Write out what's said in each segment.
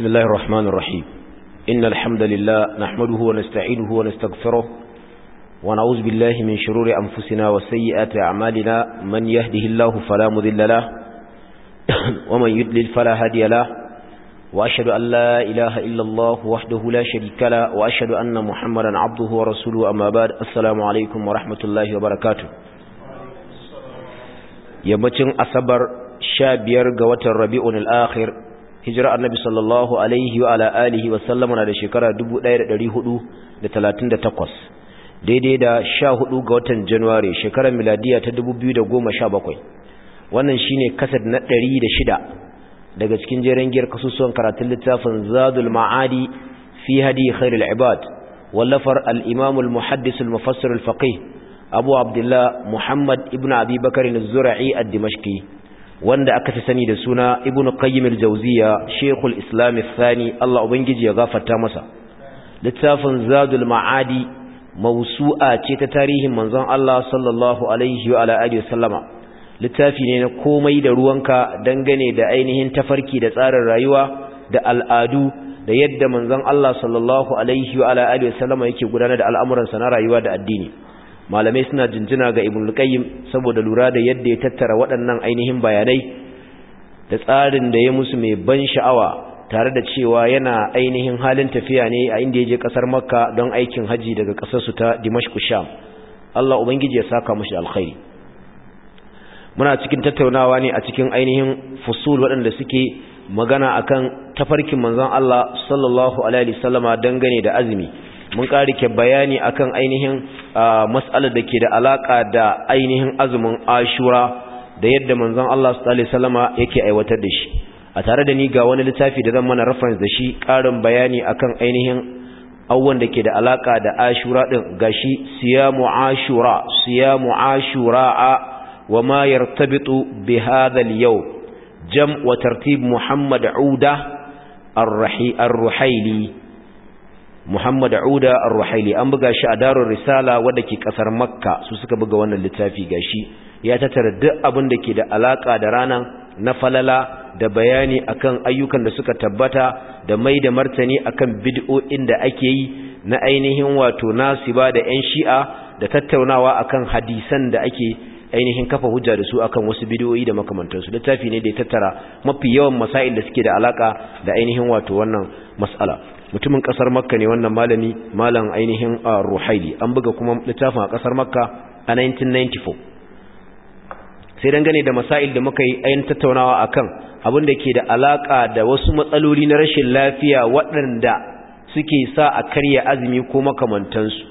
بسم الله الرحمن الرحيم إن الحمد لله نحمده ونستعينه ونستغفره ونعوذ بالله من شرور أنفسنا وسيئات أعمالنا من يهده الله فلا مذل له ومن يدلل فلا هادي له وأشهد أن لا إله إلا الله وحده لا شريك له وأشهد أن محمدا عبده ورسوله أما بعد السلام عليكم ورحمة الله وبركاته يمتن أصبر شابير قوة الربيع الآخر hijira annabi sallallahu alaihi wa ala alihi wa sallama na da shekara 1438 daidai da 14 ga watan Januwari shekarar miladiya ta 2017 wannan shine kasad na 106 daga cikin jeren giyar kasusuwan karatun littafin Zadul Ma'adi fi hadi khairul ibad wallafar al-Imam al-Muhaddis al-Mufassir al-Faqih Abu Abdullah Muhammad ibn Abi Bakr az-Zura'i ad-Dimashqi wanda aka fi sani da suna ibn qayyim al-jawziya shaykhul islam al-thani Allah ubangiji ya gafarta masa littafin zadul ma'adi mawsu'a ce ta tarihin manzon Allah sallallahu alaihi wa ala alihi wasallama littafi ne na komai da ruwanka dangane da ainihin tafarki da tsarin rayuwa da al'adu da yadda manzon Allah sallallahu alaihi wa ala alihi wasallama yake gudanar da al'amuransa na rayuwa da addini malamai suna jinjina ga ibn qayyim saboda lura da yadda ya tattara waɗannan ainihin bayanai da tsarin da ya musu mai ban sha'awa tare da cewa yana ainihin halin tafiya ne a inda ya je ƙasar makka don aikin haji daga ƙasarsu ta dimashku sham Allah ubangiji ya saka mashi alkhairi muna cikin tattaunawa ne a cikin ainihin fusul waɗanda suke magana akan tafarkin manzon Allah sallallahu alaihi wasallama dangane da azumi mun ƙarike bayani akan ainihin mas'alar da ke da alaka da ainihin azumin ashura da yadda manzon Allah sallallahu alaihi wasallama yake aiwatar da shi a tare da ni ga wani littafi da zan mana reference da shi ƙarin bayani akan ainihin awwan da ke da alaka da ashura din gashi siyamu ashura siyamu ashura wa ma yartabitu bi hadha al jam wa tartib muhammad uda ar-ruhaili Muhammad Auda Ar-Ruhaili an buga shi a Darul Risala wanda ke kasar Makka su suka buga wannan littafi gashi ya tattara duk abin da ke da alaka da ranan na falala da bayani akan ayyukan da suka tabbata da mai da martani akan bid'o'in da ake yi na ainihin wato nasiba da ƴan Shi'a da tattaunawa akan hadisan da ake ainihin kafa hujja da su akan wasu bidiyoyi da makamantansu littafi ne da ya tattara mafi yawan masail da suke da alaka da ainihin wato wannan mas'ala mutumin kasar makka ne wannan malami malam ainihin ruhaili an buga kuma littafin a kasar makka a 1994 sai dangane da masail da muka yi ayin tattaunawa kan abin da ke da alaka da wasu matsaloli na rashin lafiya waɗanda suke sa a karya azumi ko makamantansu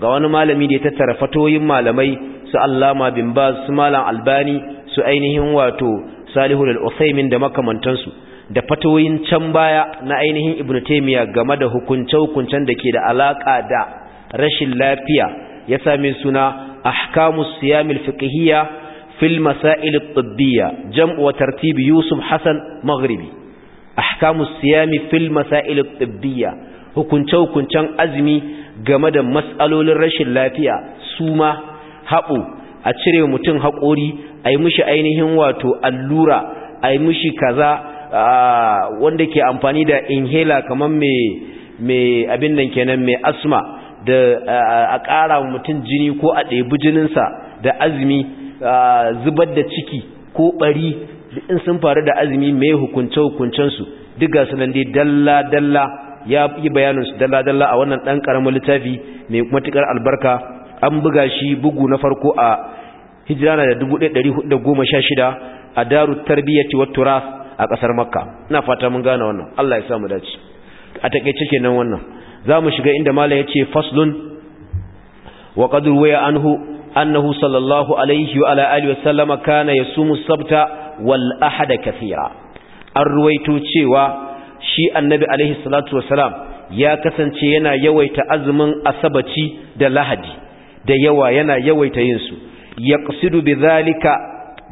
ga wani malami da ya tattara fatoyin malamai su allama bin ba su malam albani su ainihin wato Salihu da makamantansu da fatoyin can baya na ainihin ibnu taymiya game da hukunce hukuncen da ke da alaƙa da rashin lafiya ya same suna Ahkamu siyamil fiqhiyya fil masail at-tibbiyya wa tartib yusuf hasan maghribi ahkamus siyami fil masail at hukunce hukuncen azumi game da mas'alolin rashin lafiya suma haɓo a cire mutum haƙori a yi mishi ainihin wato allura a yi mishi kaza Ah, wanda ke amfani da inhaler kamar mai abin nan kenan mai asma da a ƙara mutum jini ko a ɗebi jininsa da azumi zubar da ciki ko ɓari in sun faru da azumi mai hukunce-hukuncensu duk ga sunan dai dalla-dalla ya yi bayaninsu dalla-dalla a wannan ɗan ƙaramin littafi mai matuƙar albarka an buga shi bugu na farko a hijirana da 1416 a daru tarbiyyati wa turas a ƙasar makka na fata mun gane wannan allah ya sa mu dace a taƙaice kenan wannan za mu shiga inda mala ya ce faslun wa qad ruwaya anhu annahu sallallahu alaihi wa ala alihi wa sallama kana yasumu sabta wal ahad kathira an ruwaito cewa shi annabi alaihi salatu wasalam ya kasance yana yawaita azumin asabaci da lahadi da yawa yana yawaita yin su yaqsidu bidhalika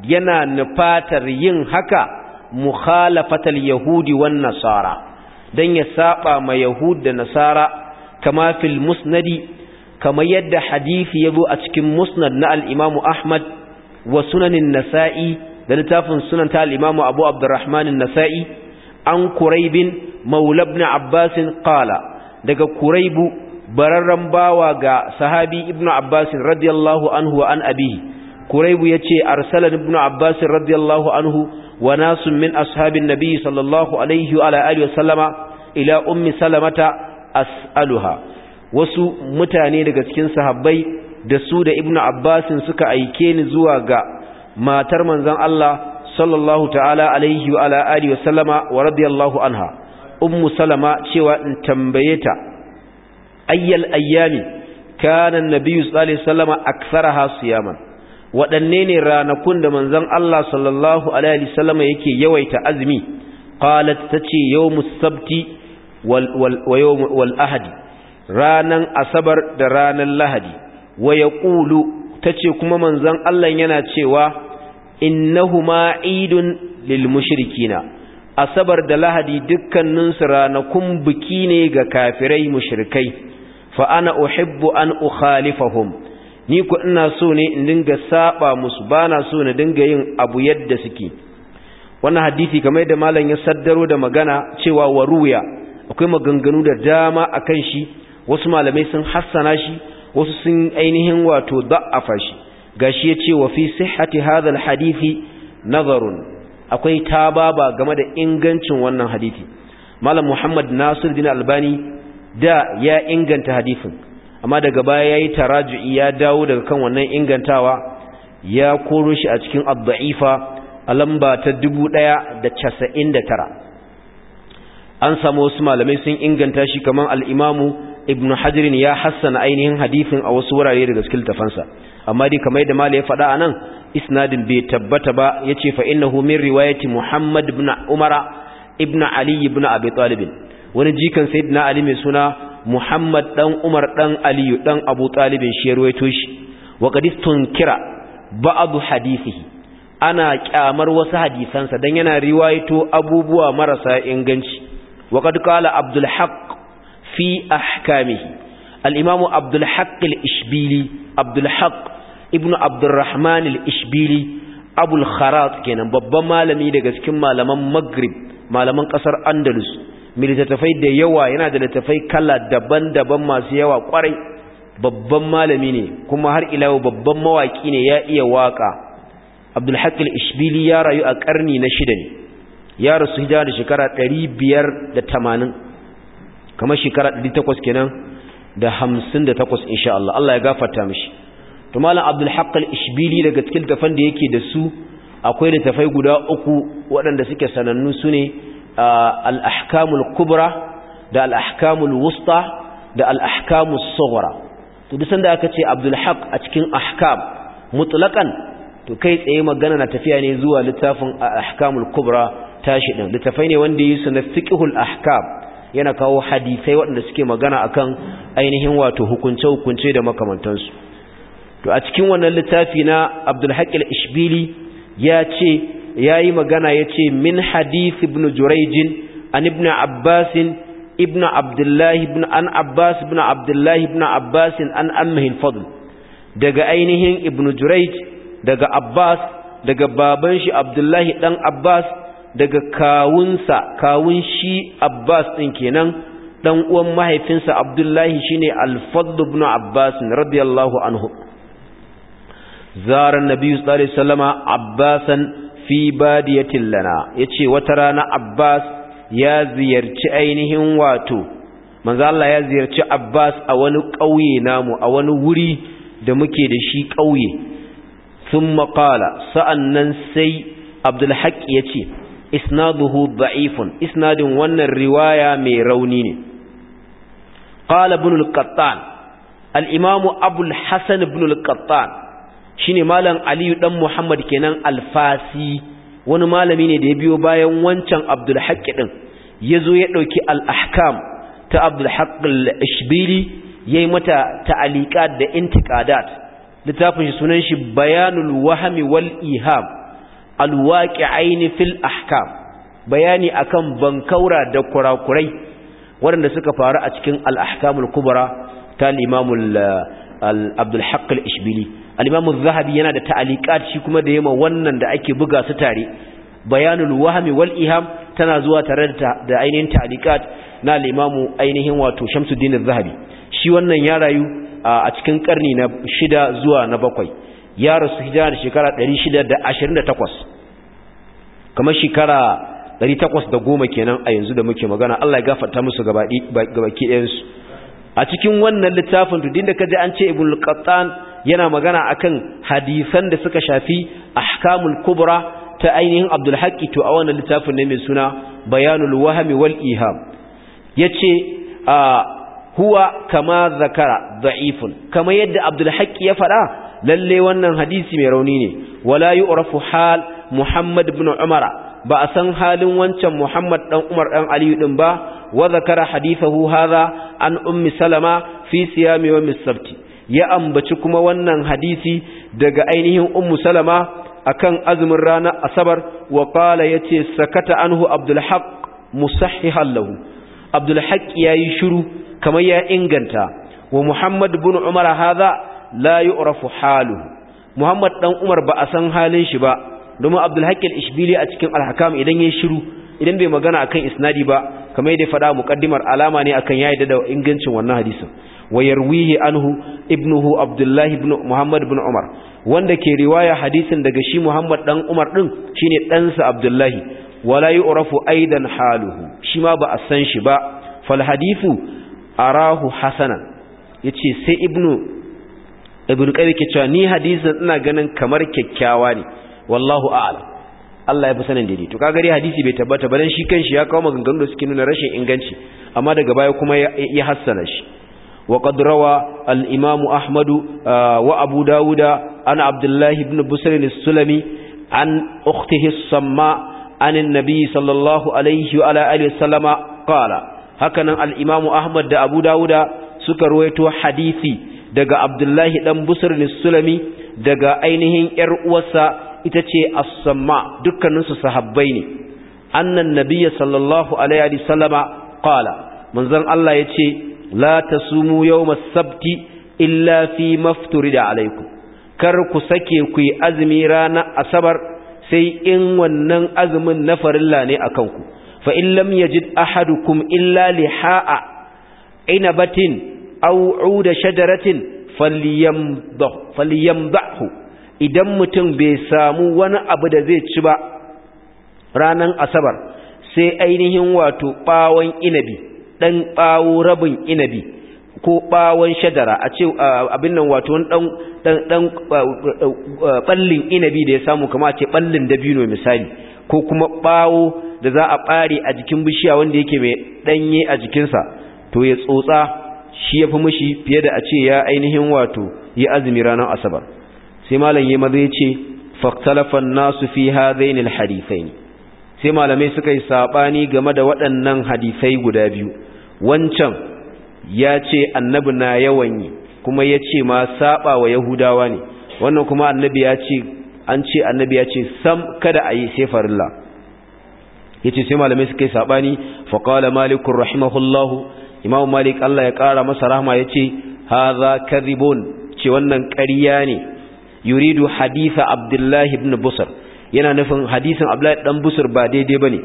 yana nufatar yin haka mukhalafatal yahudi wan nasara dan ya saba ma yahud da nasara kama fil musnadi kama yadda hadisi yazo a cikin musnad na al-imamu ahmad wa sunanin nasa'i da littafin sunan ta al-imamu abu abdurrahman nasai an quraibin maula ibn abbas qala daga quraibu bararran bawa ga sahabi ibnu abbas radiyallahu anhu wa an abihi quraibu yace arsala ibn abbas radiyallahu anhu wa nasun min ashabin nabi sallallahu alaihi wa alihi wasallama ila ummi salamata as'aluha wasu mutane daga cikin sahabbai da su da ibnu abbasin suka aike ni zuwa ga matar manzon Allah sallallahu ta'ala alaihi wa alihi wasallama wa radiyallahu anha ummu salama cewa in tambaye ta ayyal ayyami kana annabi sallallahu alaihi wasallama aktharaha siyaman waɗanne ne ranakun da manzon Allah sallallahu alaihi wasallam yake yawaita azumi qalat tace yawmus sabti wal wal wal ahadi ranan asabar da ranan lahadi wa yaqulu tace kuma manzon Allah yana cewa innahuma idun lil mushrikina asabar da lahadi dukkanin su ranakun biki ne ga kafirai mushrikai fa ana uhibbu an ukhalifahum ni ku ina so ne in dinga saba musu ba na so na dinga yin abu yadda suke wannan hadisi kamar yadda malam ya saddaro da magana cewa ruya akwai maganganu da dama akan shi wasu malamai sun hassana shi wasu sun ainihin wato da'afa shi gashi ya ce wa fi sihhati hadal hadisi nazarun akwai tababa game da ingancin wannan hadisi malam muhammad nasir din albani da ya inganta hadisin amma daga baya yayi taraji'i ya dawo daga kan wannan ingantawa ya koro shi a cikin ad-da'ifa a lamba ta 1099 an samu wasu malamai sun inganta shi kaman Al'imamu imamu ibn hajar ya hassana ainihin hadisin a wasu wurare daga cikin tafansa amma dai kamar da malai ya faɗa anan isnadin bai tabbata ba yace fa innahu min riwayati muhammad ibn umara ibn ali ibn abi talib wani jikan sayyidina ali mai suna Muhammad ɗan Umar ɗan Aliyu ɗan Abu ɗalibin shi ya ruwaito shi wa kira ba'adu hadisihi ana kyamar wasu hadisansa dan yana riwayato abubuwa marasa inganci wa qad Abdul fi ahkamihi al-Imam Abdul Haqq al-Ishbili Abdul Haqq ibn Abdul Rahman Abul Kharat kenan babban malami daga cikin malaman Maghrib malaman ƙasar Andalus mai littattafai da yawa yana da littattafai kala daban-daban masu yawa kwarai babban malami ne kuma har ila babban mawaki ne ya iya waka abdul haqqil ishbili ya rayu a karni na shida ne ya rasu hijira da shekara 580 kamar shekara 800 kenan da 58 insha Allah Allah ya gafarta mishi to malam abdul haqqil ishbili daga cikin tafan da yake da su akwai littattafai guda uku waɗanda suke sanannu su ne al-ahkamul kubra da al-ahkamul wusta da al-ahkamus to duk sanda aka ce Abdulhaq a cikin ahkam mutlaqan to kai tsaye magana na tafiya ne zuwa littafin ahkamul kubra tashi din littafai ne wanda yi na fiqhul ahkam yana kawo hadisai waɗanda suke magana akan ainihin wato hukunce hukunce da makamantansu to a cikin wannan littafi na Abdul al-Ishbili ya ce Ya yi magana ya ce min hadith ibn jurejin an ibn Abbasin ibn Abdullahi, ibn an abbas ibn Abdullahi, ibn Abbasin an amhin fadl daga ainihin ibn jurej daga abbas daga baban shi Abdullahi dan abbas daga kawunsa kawun shi abbas din kenan dan uwan mahaifinsa abdullahi shine al-fadl ibn abbas radiyallahu anhu zara nabi sallallahu alaihi wasallama abbasan fi badiyatin lana yace wata rana Abbas ya ziyarci ainihin wato manzo Allah ya ziyarci Abbas a wani ƙauye namu a wani wuri da muke da shi ƙauye thumma qala sa'annan sai Abdul ya ce isnaduhu da'ifun isnadin wannan riwaya mai rauni ne ƙala bin al imamu Abul Hasan al shine malam aliyu dan muhammad kenan alfasi wani malami ne da ya biyo bayan wancan abdul haqqi din yazo ya dauki al ahkam ta abdul haqq al ishbili yayi mata ta'aliqat da intiqadat littafin shi sunan shi bayanul wahmi wal iham al waqi'ain fil ahkam bayani akan bankaura da kurakurai waɗanda suka faru a cikin al ahkamul kubra ta al imam eh, al abdul haqq al al-imam zahabi yana da ta'aliqat shi kuma da yema wannan da ake buga su tare bayanul wahmi wal iham tana zuwa tare da ainihin ta'aliqat na al imamu ainihin wato shamsuddin az-zahabi shi wannan ya rayu a cikin karni na 6 zuwa na 7 ya rasu hijira da shekara 628 kamar shekara 810 kenan a yanzu da muke magana Allah ya gafarta musu gabaki ɗayan su a cikin wannan littafin tudin da kaje an ce ibnul qattan yana magana akan hadisan da suka shafi ahkamul kubra ta ainihin abdul haqqi to a wannan littafin ne mai suna bayanul wahmi wal iham yace huwa kama zakara da'ifun kama yadda abdul haqqi ya fada lalle wannan hadisi mai rauni ne wala yu'rafu hal muhammad ibn umara ba a san halin wancan muhammad dan umar dan aliyu din ba wa zakara hadithahu hadha an ummi salama fi siyami wa misabti ya ambaci kuma wannan hadisi daga ainihin ummu salama akan azumin ranar asabar wa ya ce sakata anhu abdul haqq musahihan lahu abdul ya yayi shiru kamar ya inganta wa muhammad ibn umar haza la yu'rafu halu muhammad dan umar ba a san halin shi ba domin abdul al-ishbili a cikin al idan ya shiru idan bai magana akan isnadi ba kamar yadda faɗa muqaddimar alama ne akan yayi da ingancin wannan hadisin ويرويه عنه ابنه عبد الله بن محمد بن عمر wanda ke riwaya hadisin daga shi Muhammad dan Umar din shine ɗansa Abdullahi wala yu'rafu aidan haluhu shi ma ba a san shi ba fal hadithu arahu hasanan yace sai ibnu ibnu qayyim ke cewa ni hadisin ina ganin kamar kyakkyawa ne wallahu a'lam Allah ya fi sanin daidai to kaga dai hadisi bai tabbata ba dan shi kanshi ya kawo maganganun da suke nuna rashin inganci amma daga baya kuma ya hassana shi وقد روى الإمام أحمد وأبو داود عن عبد الله بن بسر السلمي عن أخته الصماء عن النبي صلى الله عليه وعلى آله وسلم قال هكذا الإمام أحمد دا أبو داود سكر ويتو حديثي دقى عبد الله بن بسر السلمي دقى أينهن إرؤوسا إتتي الصماء دكا ننسى صحبين أن النبي صلى الله عليه وسلم قال منظر الله يتي la tasumu yawma sabti illa fi mafturida alaikum kar ku sake ku yi azumi ranar asabar sai in wannan azumin na farilla ne akan ku fa in lam yajid ahadukum illa liha'a inabatin aw uda shajaratin falyamdah falyamdahu idan mutum bai samu wani abu da zai ci ba ranan asabar sai ainihin wato bawon inabi Dan bawo rabin inabi ko bawon shajara a ce abin nan wato dan ɓallin inabi da ya samu kama a ce ɓallin dabino misali ko kuma ɓawo da za a ɓare a jikin bishiya wanda yake mai ɗanye a jikinsa to ya tsotsa shi ya fi fiye da a ce ya ainihin wato yi azumi ranar asabar sai malam yi maza ya ce faktalafan nasu fi hadainil hadisai sai malamai suka yi saɓani game da waɗannan hadisai guda biyu wancan ya ce annabi na yawan yi kuma ya ce ma saba wa yahudawa ne wannan kuma annabi ya ce an ce annabi ya ce sam kada a yi sai farilla ya ce sai malamai suka yi saɓani faƙawar malikun rahimahullahu imam malik allah ya ƙara masa rahama ya ce haza karibon ce wannan ƙarya ne yuridu haditha abdullahi ibn busar yana nufin hadisin abdullahi dan busar ba daidai ba ne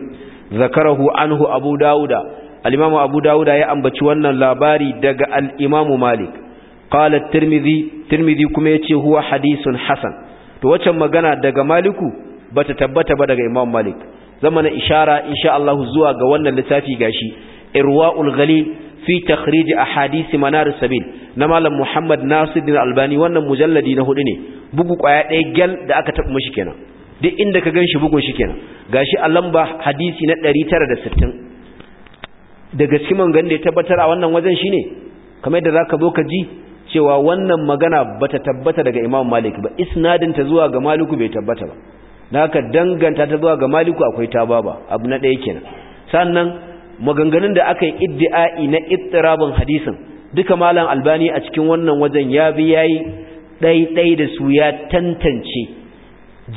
zakarahu anhu abu dawuda al-imamu abu dawuda ya ambaci wannan labari daga alimamu malik qala tirmidhi tirmidhi kuma ya ce huwa hadithun Hassan. to waccan magana daga maliku bata tabbata ba daga imamu malik zamanin ishara insha Allah zuwa ga wannan littafi gashi irwaul ghalil fi takhrij ahadith manar sabil na malam muhammad nasiruddin albani wannan mujalladi na hudu ne bugu kwaya ɗaya gal da aka taɓa mishi kenan duk inda ka ganshi bugun shi kenan gashi a lamba hadisi na 960 daga cikin maganganun da ya tabbatar a wannan wajen shine kamar yadda zaka zo ka ji cewa wannan magana bata tabbata daga Imam Malik ba isnadin ta zuwa ga Maliku bai tabbata ba naka danganta ta zuwa ga Maliku akwai tababa abu na ɗaya kenan sannan maganganun da aka yi iddi'ai na ittirabin hadisin duka malam Albani a cikin wannan wajen ya bi yayi ɗaiɗai da su ya tantance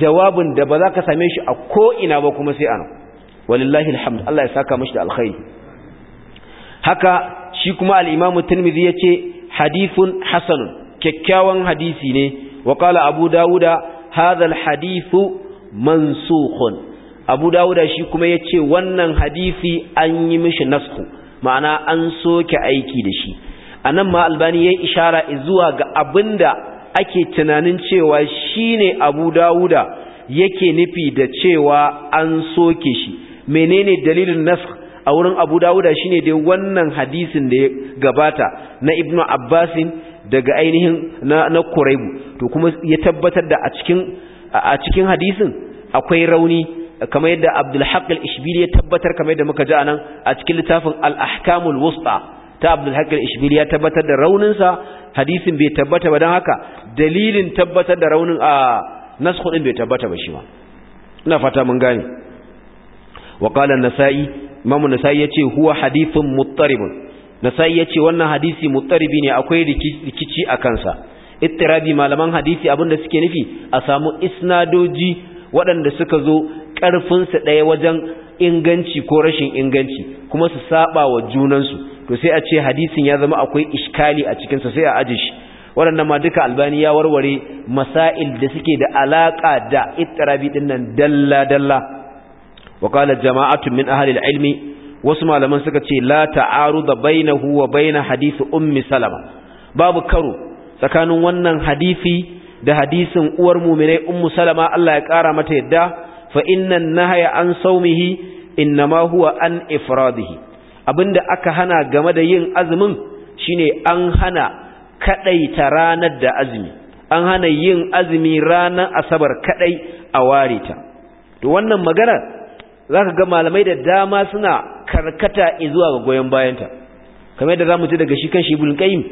jawabin da ba za ka same shi a ko ina ba kuma sai ana walillahi alhamd Allah ya saka mashi da alkhairi haka shi kuma al-imam tirmidhi yace hadithun hassan kyakkyawan hadisi ne wa qala abu dauda hadha al-hadithu mansukhun abu Dawuda shi kuma yace wannan hadisi an yi mishi nasku ma'ana an soke aiki da shi anan ma albani yayi ishara zuwa ga abinda ake tunanin cewa shine abu dauda yake nufi da cewa an soke shi menene dalilin nasku a wurin abu dawuda shine dai wannan hadisin da ya gabata na ibnu abbasin daga ainihin na, na kuraibu to kuma ya tabbatar da a cikin a cikin hadisin akwai rauni kamar yadda abdulhaq al-ishbili ya tabbatar kamar yadda muka ji anan a cikin littafin al-ahkamul wusta ta abdulhaq al-ishbili ya tabbatar da rauninsa hadisin bai tabbata ba Dan haka dalilin tabbatar da raunin a nasu din bai tabbata ba shi ma ina fata mun gane wa qala an-nasa'i imamu nasai ya ce huwa hadithun muttaribun nasai ya ce wannan hadisi muttaribi ne akwai rikici a kansa ittirabi malaman hadisi abinda suke nufi a samu isnadoji waɗanda suka zo ƙarfinsu ɗaya wajen inganci ko rashin inganci kuma su saɓa wa junansu to sai a ce hadisin ya zama akwai iskali a cikinsa sai a aje shi waɗannan ma duka albani ya warware masail da suke da alaƙa da ittirabi ɗin nan dalla-dalla wa qala jama'atun min ahli ilmi wasu malaman suka ce la da bainahu wa baina hadisi ummi salama babu karo tsakanin wannan hadisi da hadisin uwar mu'minai ummu salama Allah ya kara mata yadda fa innan nahaya an saumihi innama huwa an ifradihi abinda aka hana game da yin azumin shine an hana kaɗaita ranar da azumi an hana yin azumi ranar asabar kadai a ta to wannan magana za ka ga malamai da dama suna karkata zuwa ga goyon bayanta kamar yadda za mu ji daga shi kan shi ibn qayyim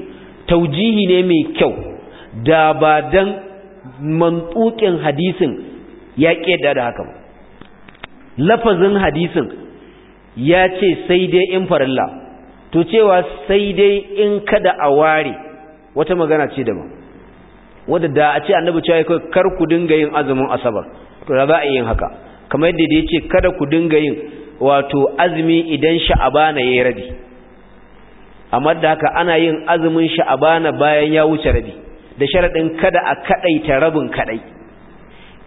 taujihi ne mai kyau da ba dan mantukin hadisin ya ƙeda da haka lafazin hadisin ya ce sai dai in farilla to cewa sai dai in kada a ware wata magana ce ba wadda da a ce annabi cewa kar ku dinga yin azumin asabar to da za a yi yin haka kamar yadda ya ce kada ku dinga yin wato azumi idan sha'abana ya yi rabi amma da haka ana yin azumin sha'abana bayan ya wuce rabi da sharaɗin kada a ta rabin kaɗai.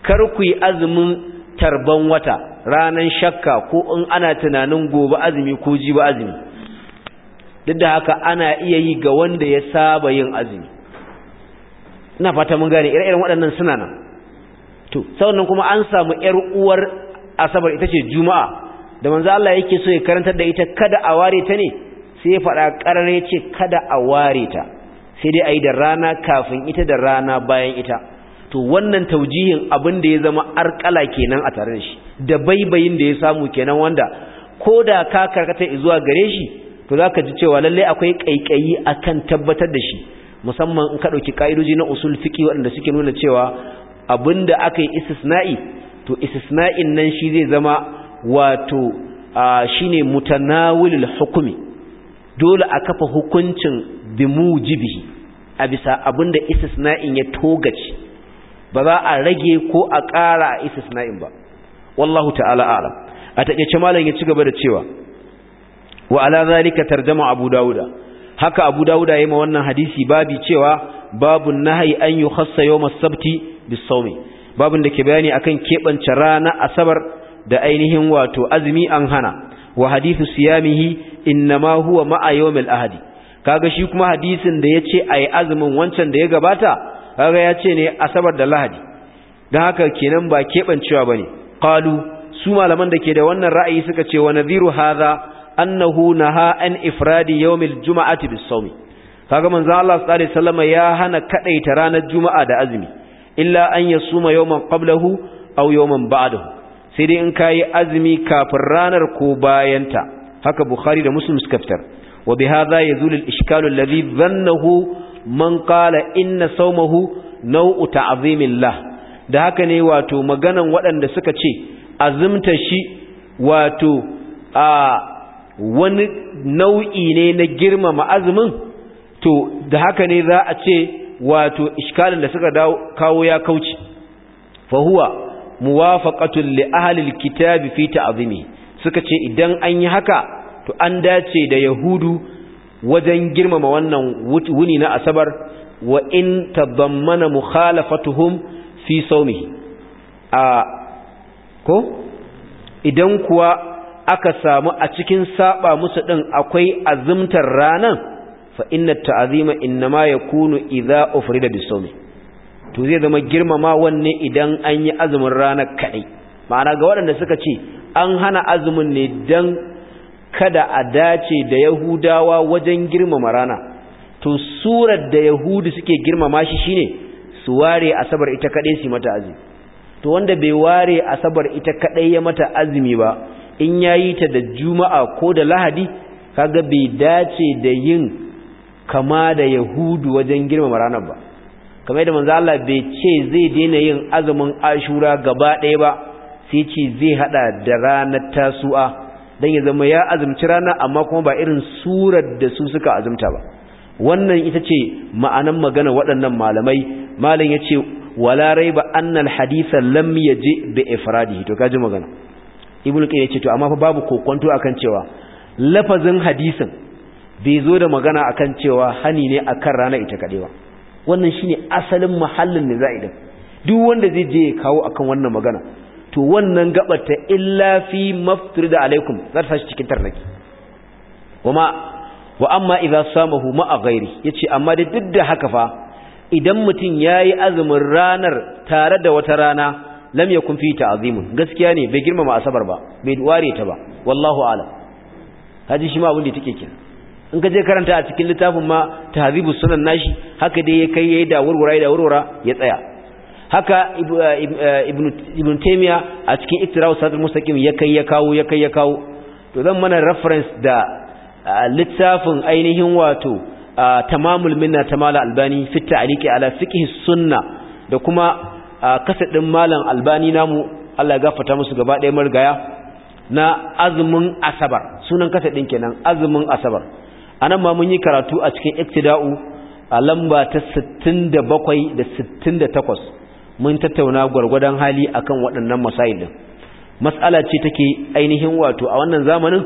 kar ku yi azumin tarban wata ranan shakka ko in ana tunanin gobe azumi ko ba azumi duk da haka ana iya yi ga wanda ya saba yin azumi ina fata mun gane ire-iren waɗannan suna nan to sannan kuma an samu yar uwar asabar ita ce juma'a da manzo Allah yake so ya karantar da ita kada a ware ta ne sai ya faɗa karare ce kada a ware ta sai dai ayi da rana kafin ita da rana bayan ita to wannan taujihin abin da ya zama arkala kenan a tare da shi da baibayin da ya samu kenan wanda ko da ka karkata zuwa gare shi to zaka ji cewa lallai akwai ƙaiƙayi akan tabbatar da shi musamman in ka ɗauki ƙa'idoji na usul fiqi waɗanda suke nuna cewa abinda aka yi istisna'i to istisna'in nan shi zai zama wato shine mutanawilul hukumi dole a kafa hukuncin bimujibihi a bisa abinda istisna'in ya togace ba za a rage ko a ƙara a istisna'in ba wallahu ta'ala alam a taƙaice malam ya ci gaba da cewa wa ala zalika tarjama abu dauda haka abu dauda yayi ma wannan hadisi babi cewa babun nahyi an yukhassa yawm as-sabti bisaumi babin da ke bayani akan keɓance rana asabar da ainihin wato azumi an hana wa hadithu siyamihi innama huwa ma'a yawmil ahadi kaga shi kuma hadisin da yace ai azumin wancan da ya gabata kaga yace ne asabar da lahadi dan haka kenan ba kebancewa bane qalu su malaman da ke da wannan ra'ayi suka ce wa nadhiru hadha annahu naha an ifradi yawmil juma'ati bis-sawmi kaga manzo Allah sallallahu alaihi wasallam ya hana kadaita ranar juma'a da azumi illa an yasuma yawman qablahu aw sai dai in kayi azumi kafin ranar ko bayanta haka bukhari da muslim suka fitar wa bihadha yazul al-ishkal alladhi dhannahu man qala inna sawmahu naw'u ta'zimillah da haka ne wato maganan waɗanda suka ce azumta shi wato a wani nau'i ne na girmama azumin to da haka ne za a ce wato iskalin da suka kawo ya kauce fa huwa muwafaqatul li ahli alkitabi fi ta'zimi suka ce idan an yi haka to an dace da yahudu wajen girmama wannan wuni na asabar wa in tadammana mukhalafatuhum fi sawmihi a ko idan kuwa aka samu a cikin saba musu din akwai azumtar ranan fa inna ta'azima innama yakunu idza ufrida bisawmi to zai zama girmama wanne idan an yi azumin rana kadai ma'ana ga waɗanda suka ce an hana azumin ne dan kada a dace da yahudawa wajen girmama rana to surar da yahudi suke girmama shi shine su ware asabar ita kadai su mata azumi to wanda bai ware asabar ita kadai ya mata azumi ba in yayi ta da juma'a ko da lahadi kaga bai dace da yin kama da yahudu wajen girmama ranar ba kamar yadda manzo Allah bai ce zai daina yin azumin ashura gaba ɗaya ba sai ce zai hada da ranar tasu'a dan ya zama ya azumci rana amma kuma ba irin surar da su suka azumta ba wannan ita ce ma'anan magana waɗannan malamai malam ya ce wala raiba annal haditha lam yaji bi ifradihi to kaji magana ibnu qayyim ya ce to amma fa babu kokonto akan cewa lafazin hadisin bai zo da magana a kan cewa hani ne a kan rana ita kaɗewa. ba wannan shine asalin mahallin da za'i duk wanda zai je kawo akan wannan magana to wannan gabata illa fi da alaikum za ta tashi cikin tarnaki wama wa amma idza samahu ma ghairi yace amma dai duk da haka fa idan mutum yayi azumin ranar tare da wata rana lam yakun fi ta'zimun gaskiya ne bai girmama asabar ba bai ware ta ba wallahu a'lam kaji shi ma abin da take kin in ka je karanta a cikin littafin ma tahzibus sunan nashi haka dai ya kai yayi da warwara da wurwura ya tsaya haka ibn eh, ibnu eh, taymiya a cikin iktirau sadr mustaqim ya kai ya kawo ya kai ya kawo to zan mana reference da eh, littafin ainihin wato tamamul minna tamala albani fi ta'liqi ala fiqh sunna da kuma kasadin malam albani namu Allah ya gafarta musu gaba ɗaya margaya na azumin asabar sunan kasadin kenan azumin asabar anan ma mun yi karatu a cikin iktida'u a lamba ta 67 da 68 mun tattauna gwargwadon hali akan waɗannan masail din mas'ala ce take ainihin wato a wannan zamanin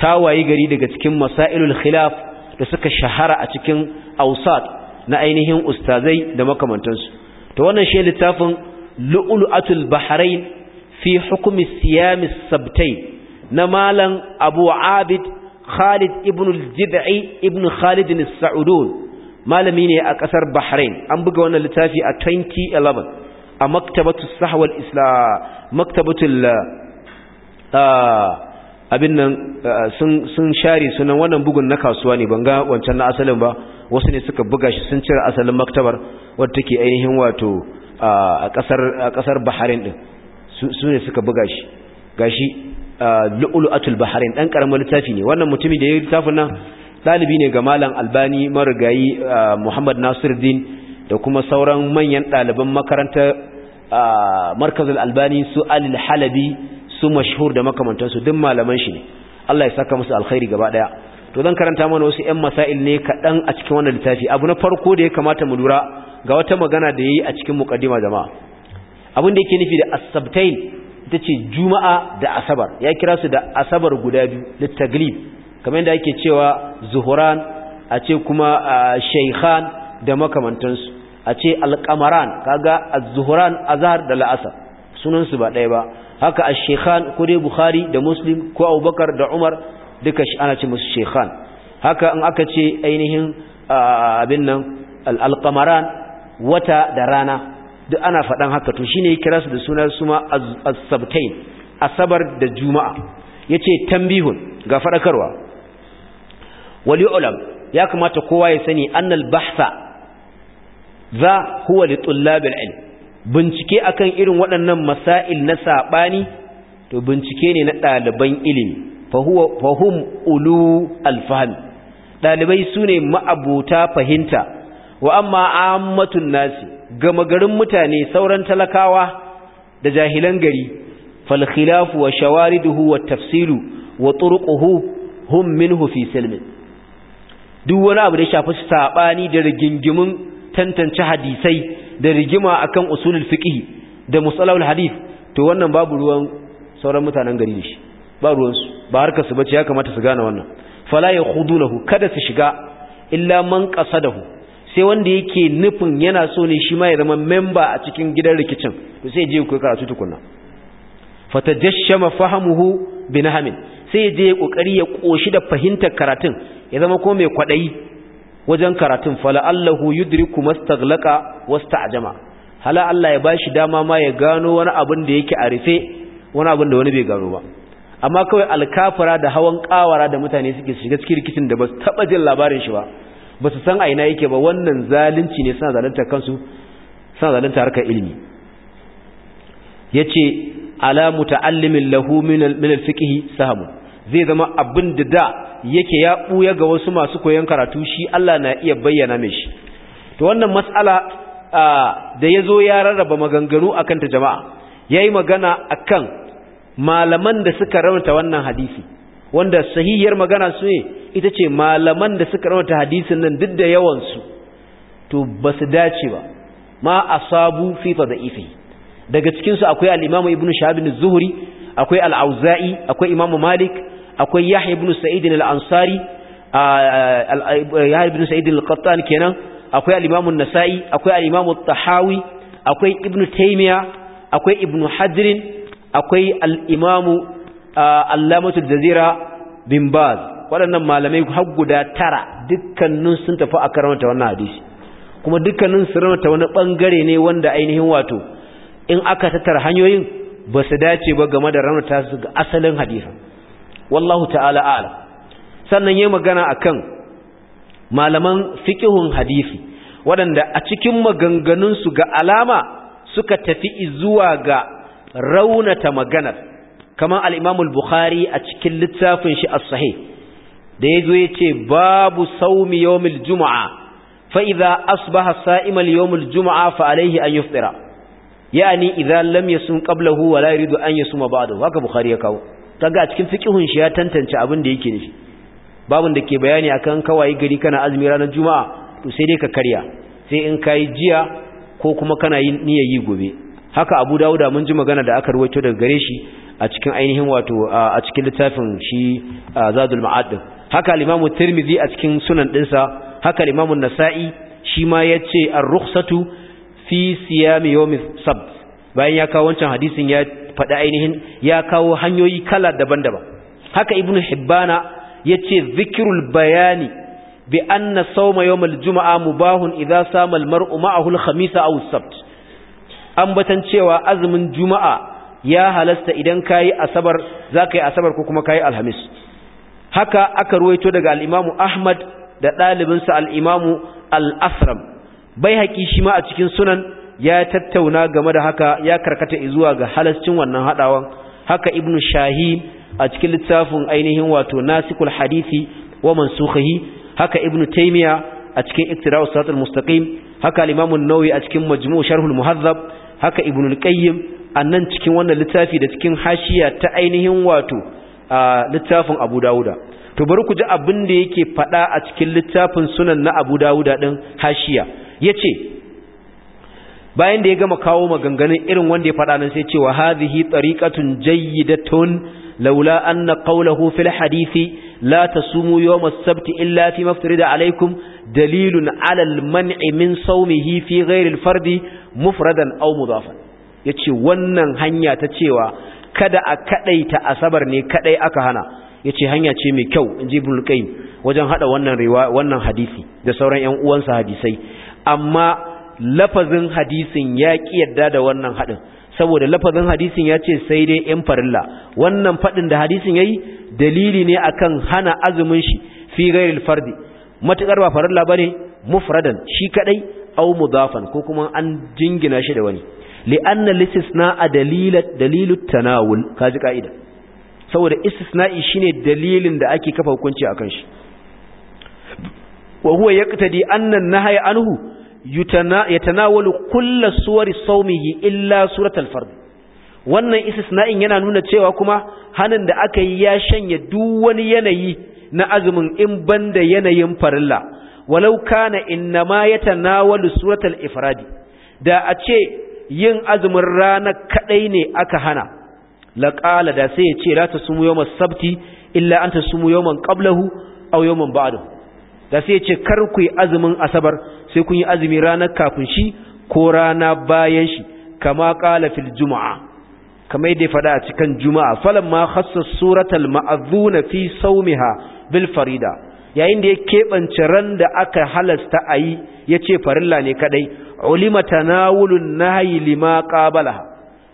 ta wayi gari daga cikin masailul khilaf da suka shahara a cikin ausat na ainihin ustazai da makamantansu to wannan shi littafin lu'lu'atul bahrain fi hukmi siyamis sabtai na malam abu abid Khalid ibn al-Jid'i ibn Khalid al malami ne a ƙasar Bahrain an buga wannan littafi a 2011 a maktabatu sahwa al-islam maktabatul uh, abin nan uh, sun sun share sunan wannan bugun na kasuwa ne ga wancan na asalin ba wasu ne suka buga shi sun cire asalin maktabar wadda take ainihin wato uh, a ƙasar a kasar Bahrain din su ne suka buga shi gashi lu'lu'atul baharin dan karamin littafi ne wannan mutumi da ya yi littafin nan dalibi ne ga malam albani marigayi muhammad nasiruddin da kuma sauran manyan ɗaliban makarantar markazul albani su alil halabi su mashhur da makamantansu duk malaman shi ne Allah ya saka musu alkhairi gaba daya to zan karanta mana wasu ƴan masail ne kaɗan a cikin wannan littafi abu na farko da ya kamata mu lura ga wata magana da ya yi a cikin muqaddima jama'a abin da yake nufi da as-sabtain ita ce juma'a da asabar ya kira su da asabar guda biyu taglib kamar yadda ake cewa zuhuran a ce kuma shaikhan da makamantansu a ce alkamaran kaga a zuhuran a zahar da la'asa Sunansu ba ɗaya ba haka a shaikhan ko dai bukhari da muslim ko abubakar da umar duka ana ce musu shaikhan haka in aka ce ainihin abin nan alkamaran wata da rana duk ana faɗan haka to shine ya kira su da suna suma as-sabtain asabar da juma'a yace tambihun ga fadakarwa wali ulam ya kamata kowa ya sani annal bahtha za huwa li tullabil ilm bincike akan irin waɗannan masail na sabani to bincike ne na ɗaliban ilimi fahum ulu alfahmi ɗalibai sune ne ma'abuta fahimta wa amma ammatun nasi gama garin mutane sauran talakawa da jahilan gari fal khilafu wa shawariduhu wa tafsilu wa turuquhu hum minhu fi silmin duk wani abu da ya shafi sabani da rigingimin tantance hadisai da rigima akan usulul fiqh da musalahul hadith to wannan babu ruwan sauran mutanen gari ne shi ba ruwansu ba harkar su bace ya kamata su gane wannan fala yakhudunahu kada su shiga illa man qasadahu sai wanda yake nufin yana so ne shi ma ya zama memba a cikin gidan rikicin to sai je kai karatu tukunna fatajashama fahamuhu binahamin sai je kokari ya koshi da fahimtar karatun ya zama ko mai kwadayi wajen karatun fala allahu yudriku mastaghlaqa wasta'jama hala Allah ya bashi dama ma ya gano wani abin da yake a rufe wani abin da wani bai gano ba amma kawai alkafara da hawan kawara da mutane suke shiga cikin rikicin da ba su taba jin labarin shi ba ba su san a ina yake ba wannan zalunci ne suna zalunta kansu suna zalunta harkar ilimi ya ce alamu ta'allimin lahu min alfiqhi sahamu zai zama abin da da yake ya buya ga wasu masu koyon karatu shi Allah na iya bayyana shi. to wannan matsala da ya zo ya rarraba maganganu a kanta jama'a ya yi magana a kan malaman da suka rauta wannan hadisi wanda sahihiyar magana su ne ita ce malaman da suka ramata hadisin nan duk da yawansu to ba su dace ba ma fifa da fadaifi daga cikinsu akwai al Ibn ibnu shahab akwai al-auza'i akwai imam malik akwai yahya ibn sa'id al-ansari yahya ibn sa'id al kenan akwai al nasai akwai al tahawi akwai ibnu taymiya akwai ibnu Hadirin, akwai al allamatul jazira bin baz waɗannan malamai har guda tara dukkanin sun tafi a karanta wannan hadisi kuma dukkanin su ramata wani bangare ne wanda ainihin wato in aka tattara hanyoyin ba su dace ba game da ramata su ga asalin hadisi. wallahu ta'ala a'lam sannan yayi magana akan malaman fiqhun hadisi waɗanda a cikin maganganunsu ga alama suka tafi zuwa ga raunata maganar kama Al'imamul imam bukhari a cikin littafin shi as-Sahih da ya zo ya ce babu jumu'a fa idza asbaha sa'iman yawmil jumu'a fa alayhi an yuftira yani idza lam yasum qablahu wa la yuridu an yasuma ba'dahu haka Bukhari ya kawo kaga a cikin fiqhun shi ya tantance abin da yake nufi Babu da ke bayani akan kawai gari kana azumi ranar juma'a to sai dai ka karya sai in kai jiya ko kuma kana yin niyyar yi gobe haka Abu Dawud mun ji magana da aka ruwaito daga gare shi a cikin ainihin wato a cikin littafin shi zadul ma'ad haka al-imamu tirmidhi a cikin sunan dinsa haka al nasa'i shi ma yace ar-rukhsatu fi siyam yawm sabt bayan ya kawo wancan hadisin ya faɗi ainihin ya kawo hanyoyi kala daban-daban haka ibnu hibbana yace zikirul bayani bi anna sawma yawm juma'a juma mubahun idza sama al-mar'u ma'ahu al-khamisa aw sabt ambatan cewa azumin juma'a ya halasta idan kayi asabar za ka yi asabar ko kuma kayi alhamis haka aka ruwaito daga al Ahmad da ɗalibinsa al'imamu al imamu al-Asram shi ma a cikin sunan ya tattauna game da haka ya karkata zuwa ga halascin wannan haɗawan haka Ibn Shahi a cikin littafin ainihin wato Nasikul Hadisi wa Mansukhihi haka Ibn Taymiya a cikin Iqtira'us Siratal Mustaqim haka al imamu an-Nawawi a cikin Majmu' Sharh al-Muhadhab haka Ibn al-Qayyim a nan cikin wannan littafi da cikin hashiya ta ainihin wato littafin abu dawuda to bari ku ji abin da yake faɗa a cikin littafin sunan na abu dawuda ɗin hashiya ya ce bayan da ya gama kawo maganganun irin wanda ya faɗa nan sai cewa hadhihi tariqatun jayyidatun laula anna qawluhu fil hadithi la tasumu yawm as-sabt illa fi maftarida alaykum dalilun ala al-man'i min sawmihi fi ghayri al-fard mufradan aw mudafan ya ce wannan hanya ta cewa kada a kadaita asabar ne kadai aka hana ya ce hanya ce mai kyau in ji bulkain wajen hada wannan wannan hadisi da sauran 'yan uwansa hadisai amma lafazin hadisin ya ƙi yadda da wannan haɗin saboda lafazin hadisin ya ce sai dai in farilla wannan faɗin da hadisin yayi dalili ne akan hana azumin shi fi gairil fardi matuƙar ba farilla ba mufradan shi kaɗai au mudafan ko kuma an jingina shi da wani li'anna listisna'a dalilut tanawul kaji ka'ida saboda istisna'i shine dalilin da ake kafa hukunci akan shi wa huwa yaqtadi anna an-nahya anhu yatanawalu kullu suwari sawmihi illa suratul fard wannan istisna'in yana nuna cewa kuma hanin da aka yi ya shanye duk wani yanayi na azumin in banda yanayin farilla walau kana innama yatanawalu suratul ifradi da a ce yin azumin rana kaɗai ne aka hana Laƙala da sai ya ce la ta yawm as-sabti illa an ta sumu yawman qablahu aw yawman ba'adun. da sai ya ce kar ku yi azumin asabar sai kun yi azumi ranar kafin shi ko rana bayan shi kama qala fil juma'a kamar da ya faɗa a cikin juma'a ma khassa suratal ma'azuna fi sawmiha bil farida yayin da ya keɓance ran da aka halasta ayi yace farilla ne kaɗai. ulima tanawulun nahyi lima qabalaha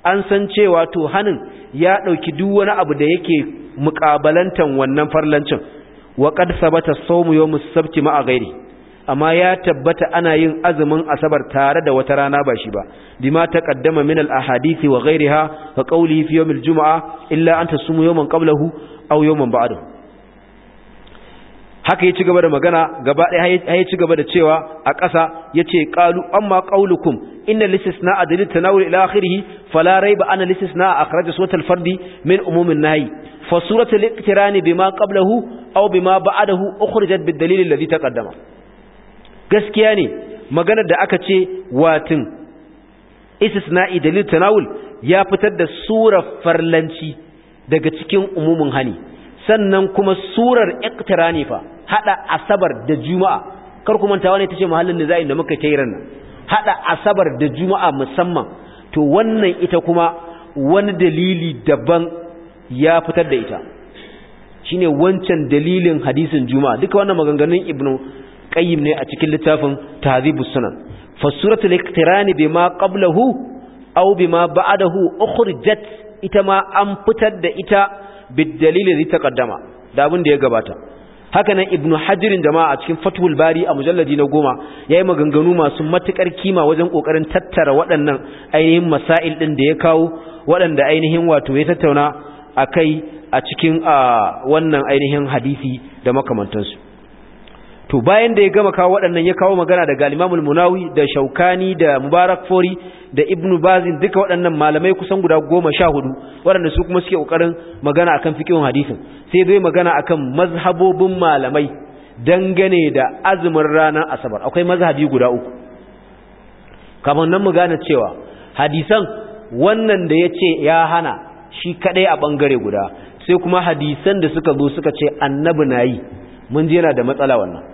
an san cewa to hanin ya dauki duk wani abu da yake muqabalantan wannan farlancin wa qad sabata sawmu yawmus sabti ma ghairi amma ya tabbata ana yin azumin asabar tare da wata rana ba shi ba bima taqaddama min al ahadithi wa ghairiha fa qawli fi yawmil jum'a illa an tasumu yawman qablahu aw yawman ba'dahu haka ya ci gaba da magana gaba ɗaya ya ci gaba da cewa a ƙasa ya ce ƙalu amma ƙaulukum inna lisis na a dalil tanawul ila akhirihi fala ba ana lisis na a akhraja suratul fardi min umumin nahi fa suratul iqtirani bima qablahu aw bima ba'dahu ukhrijat bid dalil alladhi taqaddama gaskiya ne magana da aka ce watin istisna'i dalil tanawul ya fitar da sura farlanci daga cikin umumin hani sannan kuma surar iqtirani fa hada asabar da juma'a kar ku manta wani tace mahallin da zai da muka tayi ranan hada asabar da juma'a musamman to wannan ita kuma wani dalili daban ya fitar da ita shine wancan dalilin hadisin juma'a duka wannan maganganun ibnu qayyim ne a cikin littafin tahzibus sunan fa suratul iqtirani bima qablahu aw bima ba'dahu ukhrijat ita ma an fitar da ita bid-dalil ta kaddama da abin da ya gabata haka nan ibnu hajirin jama'a a cikin fathul bari a mujalladi na goma ya yi maganganu masu matukar kima wajen kokarin tattara waɗannan ainihin masail ɗin da ya kawo waɗanda ainihin wato ya tattauna a kai a cikin wannan ainihin hadisi da makamantansu to bayan da ya gama kawo waɗannan ya kawo magana da galimamul Munawi da Shaukani da Mubarak Fori da Ibn Bazin duka waɗannan malamai kusan guda goma sha hudu waɗanda su kuma suke ƙoƙarin magana akan fiƙihun hadisin sai zai magana akan mazhabobin malamai dangane da azumin ranar Asabar akwai mazhabi guda uku kamar nan mu gane cewa hadisan wannan da ya ce ya hana shi kaɗai a ɓangare guda sai kuma hadisan da suka zo suka ce annabi na yi mun ji yana da matsala wannan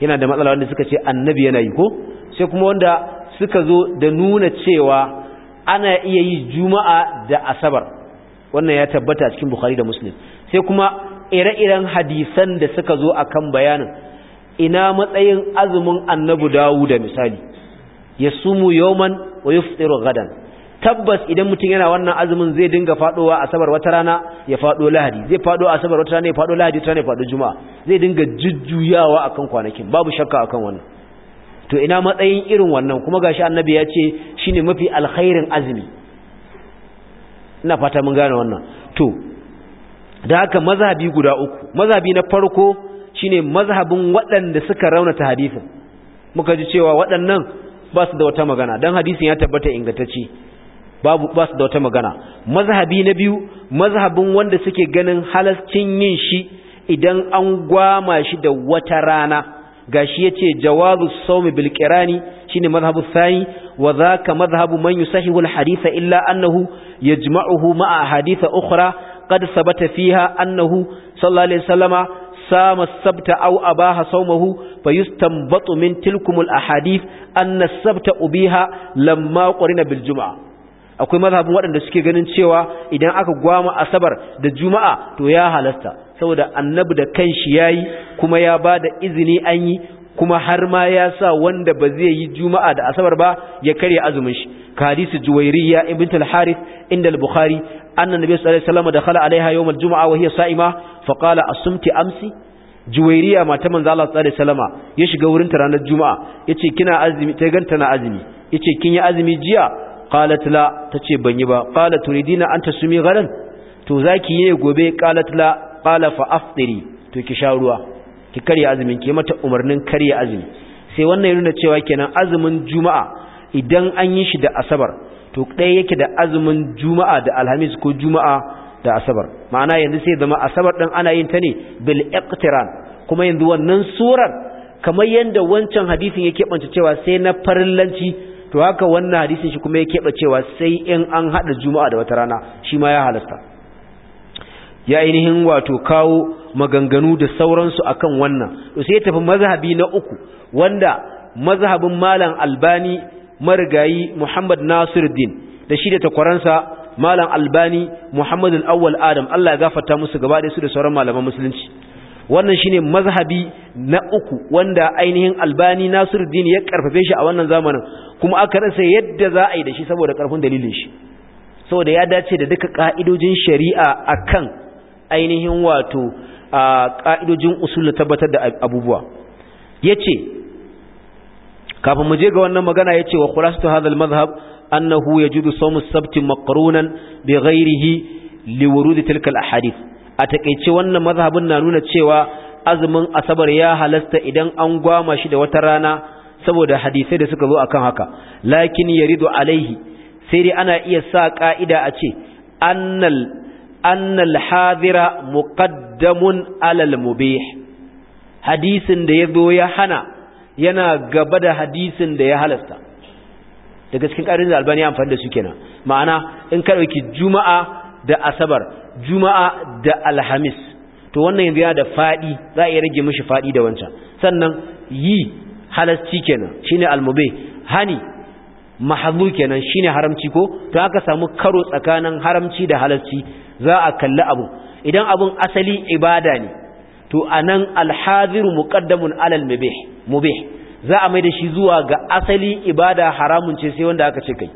yana da matsala wanda suka ce annabi yana yi ko sai kuma wanda suka zo da nuna cewa ana iya yi juma'a da asabar wannan ya tabbata a cikin bukhari da muslim sai kuma ire-iren hadisan da suka zo a kan bayanin ina matsayin azumin annabi da misali ya sumu yawman wa yuftiru gadan tabbas idan mutum yana wannan azumin zai dinga fadowa asabar wata rana ya fado lahadi zai fado asabar wata rana ya fado lahadi fado juma'a zai dinga jujjuyawa akan kwanakin babu shakka akan wannan to ina matsayin irin wannan kuma gashi annabi ya ce shine mafi alkhairin azumi ina fata mun gane wannan to da haka mazhabi guda uku mazhabi na farko shine mazhabin waɗanda suka raunata hadisin muka ji cewa waɗannan ba su da wata magana don hadisin ya tabbata ingantacce babu ba su da wata magana mazhabi na biyu mazhabin wanda suke ganin halascin yin shi idan an gwama shi da wata rana gashi yace jawazu sawmi bil qirani shine mazhabu Sani: wa dhaka mazhabu man yusahihu al haditha illa annahu yajma'uhu ma'a haditha ukhra qad sabata fiha annahu sallallahu alaihi wasallama sama sabta aw abaha sawmahu fayustanbatu min tilkumul ahadith anna sabta ubiha lamma qurina bil jum'a akwai mazhabin waɗanda suke ganin cewa idan aka gwama asabar da juma'a to ya halasta saboda annabi da kanshi yayi kuma ya ba da izini an yi kuma har ma ya sa wanda ba zai yi juma'a da asabar ba ya karya azumin shi ka hadisi juwairiyya ibn al-harith inda al-bukhari anna nabiy sallallahu alaihi wasallam dakhala alaiha yawm al-jum'a wa hiya sa'ima fa qala asumti amsi juwairiyya mata manzo Allah sallallahu alaihi ya shiga wurin ta ranar juma'a yace kina azumi ta ganta na azumi yace kin yi azumi jiya qalat la tace ban yi ba qala turidina anta sumi gadan to zaki yi gobe qalat la qala fa aftiri to ki sha ruwa ki karya azumin ki mata umarnin karya azumi sai wannan yana cewa kenan azumin juma'a idan an yi shi da asabar to ɗaya yake da azumin juma'a da alhamis ko juma'a da asabar ma'ana yanzu sai zama asabar ɗin ana yin ta ne bil iqtiran kuma yanzu wannan surar kamar yanda wancan hadisin yake bance cewa sai na farillanci to haka wannan hadisin shi kuma ya keɓe cewa sai in an haɗa juma'a da wata rana shi ma ya halasta ya ainihin wato kawo maganganu da sauransu akan wannan to sai ya tafi mazhabi na uku wanda mazhabin malam albani marigayi muhammad nasiruddin da shi da takwaransa malam albani muhammadin awwal adam allah ya gafarta musu gaba da su da sauran malaman musulunci wannan shine mazhabi na uku wanda ainihin albani nasiruddin ya karfafe shi a wannan zamanin kuma aka rasa yadda za a yi da shi saboda karfin dalilin shi saboda ya dace da duka ka'idojin shari'a akan ainihin wato a ka'idojin usul tabbatar da abubuwa yace kafin mu je ga wannan magana yace wa khulasutu hadha al-madhhab annahu yajudu sawmu as-sabt maqrunan bighayrihi liwurudi tilka al-ahadith a takeice wannan mazhabin na nuna cewa azumin asabar ya halasta idan an gwama shi da wata rana saboda hadisai da suka zo akan haka lakin yaridu alaihi sai dai ana iya sa ka'ida a ce annal annal hadira muqaddamun alal mubih hadisin da yazo ya hana yana gaba da hadisin da ya halasta daga cikin ƙarin da albani amfani da su kenan ma'ana in ka ɗauki juma'a da asabar juma'a da alhamis to wannan yanzu ya da faɗi za a iya rage mishi faɗi da wancan sannan yi halarci kenan shine almube hani mahazu kenan shine haramci ko to aka samu karo tsakanin haramci da halarci za a kalli abu idan abun asali ibada ne to anan alhaziru muqaddamun alal mubih mubih za a mai da shi zuwa ga asali ibada haramun ce sai wanda aka ce kai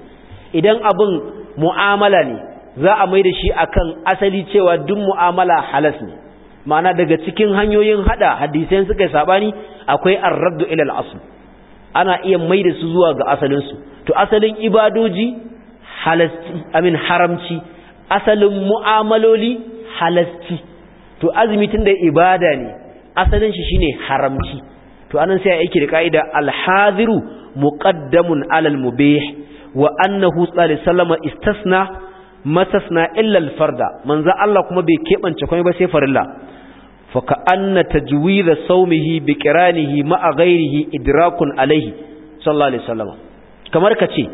idan abun mu'amala ne za a mai da shi akan asali cewa duk mu'amala halas ne ma'ana daga cikin hanyoyin hada hadisai suka sabani akwai ar-raddu ila al-asl ana iya mai da su zuwa ga asalin su to asalin ibadoji halasti amin haramci asalin mu'amaloli halasti to azumi tunda ibada ne asalin shi shine haramci to anan sai yake da kaida al-hadiru muqaddamun ala al-mubih wa annahu sallallahu alaihi wasallam istasna matasna illal farda manzo Allah kuma bai kebance komai ba sai farilla fa ka anna tajwid sawmihi bi qiranihi ma'a ghairihi idrakun alaihi sallallahu alaihi wasallam kamar kace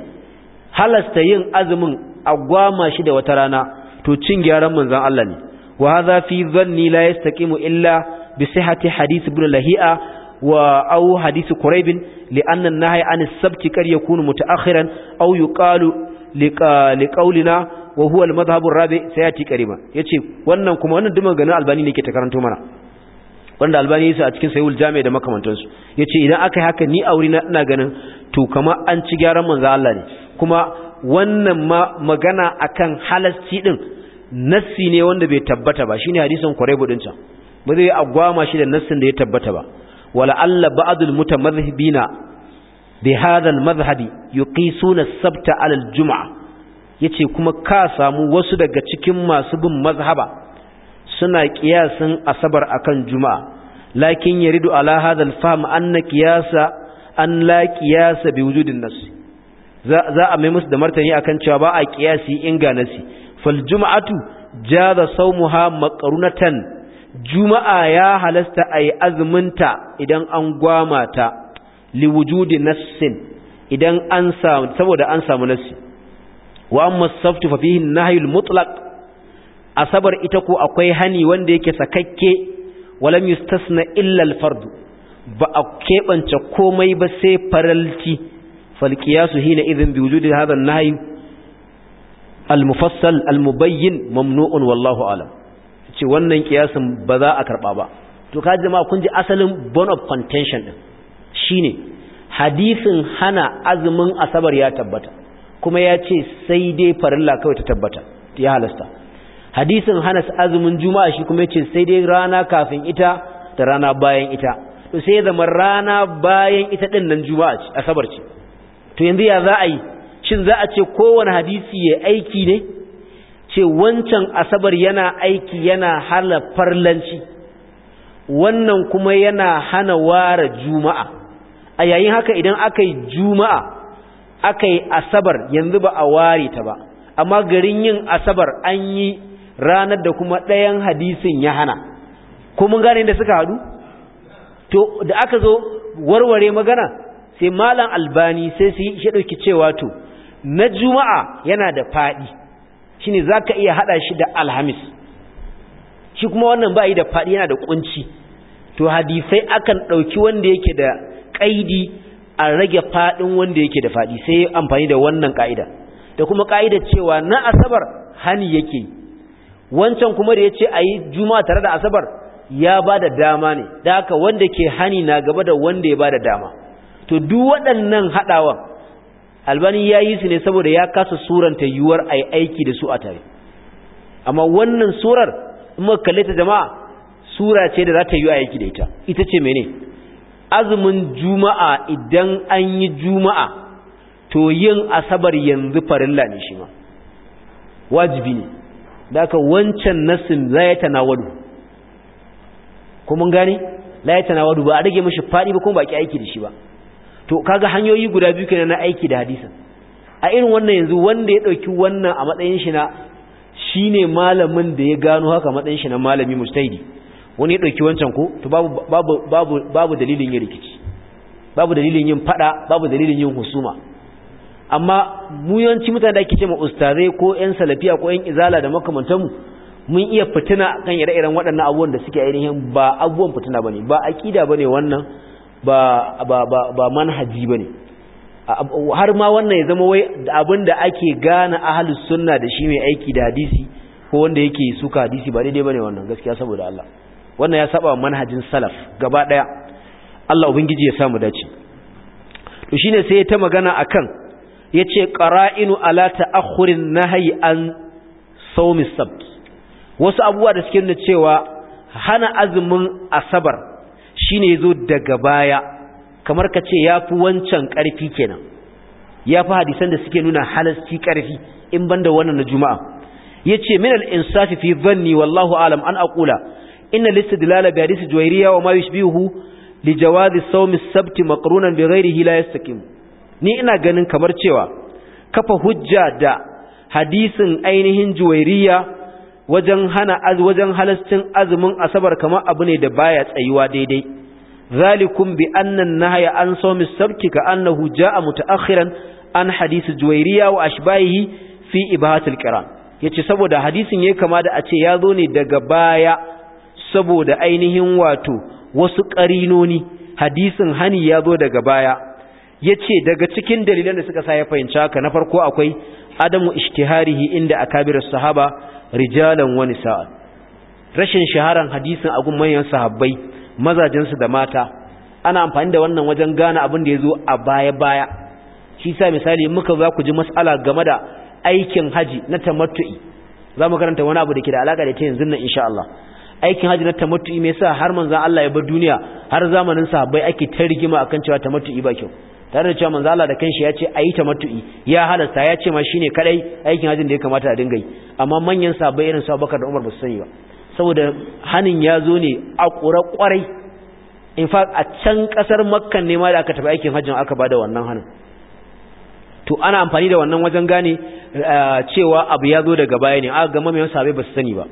halasta yin azumin agwama shi da wata rana to cin gyaran manzon Allah ne wa hadha fi dhanni la yastaqimu illa bi sihhati hadith ibn lahi'a وأو حديث قريب لأن النهي عن السبت قد يكون متأخرا أو يقال لقولنا wa huwa al-madhhab ar-rabi sayati qariba yace wannan kuma wannan dumin ganin albani ne ke ta karanto mana wanda albani yasa a cikin sahihul jami' da makamantansu yace idan aka yi haka ni aure na ina ganin to kama an ci gyaran manzo Allah ne kuma wannan ma magana akan halasci din nassi ne wanda bai tabbata ba shine hadisin Quraybu din can ba zai agwama shi da nassin da ya tabbata ba wala alla ba'dul mutamadhhibina bi hadha al-madhhabi yuqisuna as-sabta 'ala al-jum'ah yace kuma ka samu wasu daga cikin masu bin mazhaba suna kiyasin asabar akan juma'a lakin yaridu ala hadal fahm anna kiyasa an la kiyasa bi wujudin nas za a mai musu da martani akan cewa ba a kiyasi inga nasi fal juma'atu jaza sawmuha maqrunatan juma'a ya halasta ay azminta idan an gwamata li wujudin nas idan an samu saboda an samu nasi. wa amma fa fihi nahyul mutlaq asabar ita ko akwai hani wanda yake sakakke walam yustasna illa al fard ba a kebance komai ba sai faralci fal qiyasu hina idhin bi wujudi hadha an nahy al mufassal al mubayyin mamnu'un wallahu alam ce wannan kiyasin ba za a karba ba to ka jama'a kun ji asalin bone of contention din shine hadisin hana azumin asabar ya tabbata kuma ya ce sai dai farilla kawai ta tabbata ya halasta hadisin hana azumin juma'a shi kuma ya ce sai dai rana kafin ita da rana bayan ita to sai zama rana bayan ita din nan juma'a ce asabar ce to yanzu ya za a yi shin za a ce kowane hadisi ya aiki ne ce wancan asabar yana aiki yana hana farlanci wannan kuma yana hana ware juma'a a yayin haka idan aka yi juma'a aka yi asabar yanzu ba a ware ta ba amma garin yin asabar an yi ranar da kuma ɗayan hadisin ya hana ko mun gane da suka hadu to da aka zo warware magana sai malam albani sai su yi ɗauki cewa to na juma'a yana da faɗi ne za ka iya haɗa shi da alhamis shi kuma wannan ba yi da faɗi yana da ƙunci to hadisai akan ɗauki wanda yake da ƙaidi a rage faɗin wanda yake da fadi sai amfani da wannan ka'ida da kuma ka'idar cewa na asabar hani yake wancan kuma da yace ayi juma'a tare da asabar ya bada dama ne da haka wanda ke hani na gaba da wanda ya ba da dama to duk waɗannan haɗawan albani ya yi su ne saboda ya kasa suranta yuwar a aiki da su a tare amma wannan surar in muka kalle ta jama'a sura ce da za ta yi aiki da ita ita ce mene azumin juma'a idan an yi juma'a to yin asabar yanzu farilla ne shi ma wajibi ne da aka wancan nassin layata na wadu. Kuma mun gane na wadu ba a rage mashi faɗi ba kuma ba ki aiki da shi ba to kaga hanyoyi guda biyu kenan na aiki da hadisan a irin wannan yanzu wanda ya ɗauki wannan a matsayin shi na shine malamin da ya gano haka matsayin shi na malami mustaidi wani ya ɗauki wancan ko to babu dalilin yin rikici babu dalilin yin fada babu dalilin yin husuma amma mu yawanci mutane da ake ce ma ustazai ko ƴan salafiya ko 'yan izala da mu mun iya fitina kan ire-iren waɗannan abubuwan da suke ainihin ba abubuwan fitina bane ba aqida bane wannan ba ba ba, ba manhaji bane har ma wannan ya zama wai abin da ake gane ahlus sunna da shi mai aiki da hadisi ko wanda yake suka hadisi ba daidai bane wannan gaskiya saboda Allah wannan ya saba manhajin salaf gaba daya Allah ubangiji ya samu dace to shine sai ya ta magana akan yace qara'inu ala ta'khurin nahyi an sawmi sabt wasu abubuwa da suke nuna cewa hana azumin asabar shine yazo daga baya kamar kace yafi wancan karfi kenan yafi hadisan da suke nuna halasci karfi in banda wannan na juma'a yace min al-insafi fi dhanni wallahu alam an aqula inna listidlala bi hadisi juwairiya wa ma yushbihu li jawazi sawmi sabti maqrunan bi ghairihi la yastaqim ni ina ganin kamar cewa kafa hujja da hadisin ainihin juwairiya wajen hana wajen halascin azumin asabar kamar abu ne da baya tsayuwa daidai zalikum bi anna nahya an sawmi sabti hujja a jaa mutaakhiran an hadisi juwairiya wa ashbahihi fi ibahatul qiran yace saboda hadisin yayi kama da a ce ya zo ne daga baya saboda ainihin wato wasu ƙarinoni hadisin hani ya zo daga baya ya ce daga cikin dalilan da suka sa ya fahimci haka na farko akwai adamu ishtiharihi inda akabir sahaba rijalan wani sa'a rashin shaharan hadisin a manyan sahabbai mazajensu da mata ana amfani da wannan wajen gane abin da ya zo a baya-baya shi sa misali muka za ku ji matsala game da aikin haji na tamattu'i za mu karanta wani abu da ke da alaƙa da ta yanzu nan insha Allah aikin hajji na tamattu'i me sa har manzan Allah ya bar duniya har zamanin sa bai ake ta rigima akan cewa tamattu'i ba kyau tare da cewa manzon Allah da kanshi ya ce ayi tamattu'i ya halasta ya ce ma shine kadai aikin hajjin da ya kamata a dinga yi amma manyan sa bai irin sa Abubakar da Umar ba su sani ba saboda hanin ya zo ne a ƙura kwarai in fact a can ƙasar Makka ne ma da aka tafi aikin hajjin aka bada wannan hanin to ana amfani da wannan wajen gane eh, cewa abu ya zo daga baya ne aka ga mamayen sahabbai ba su sani ba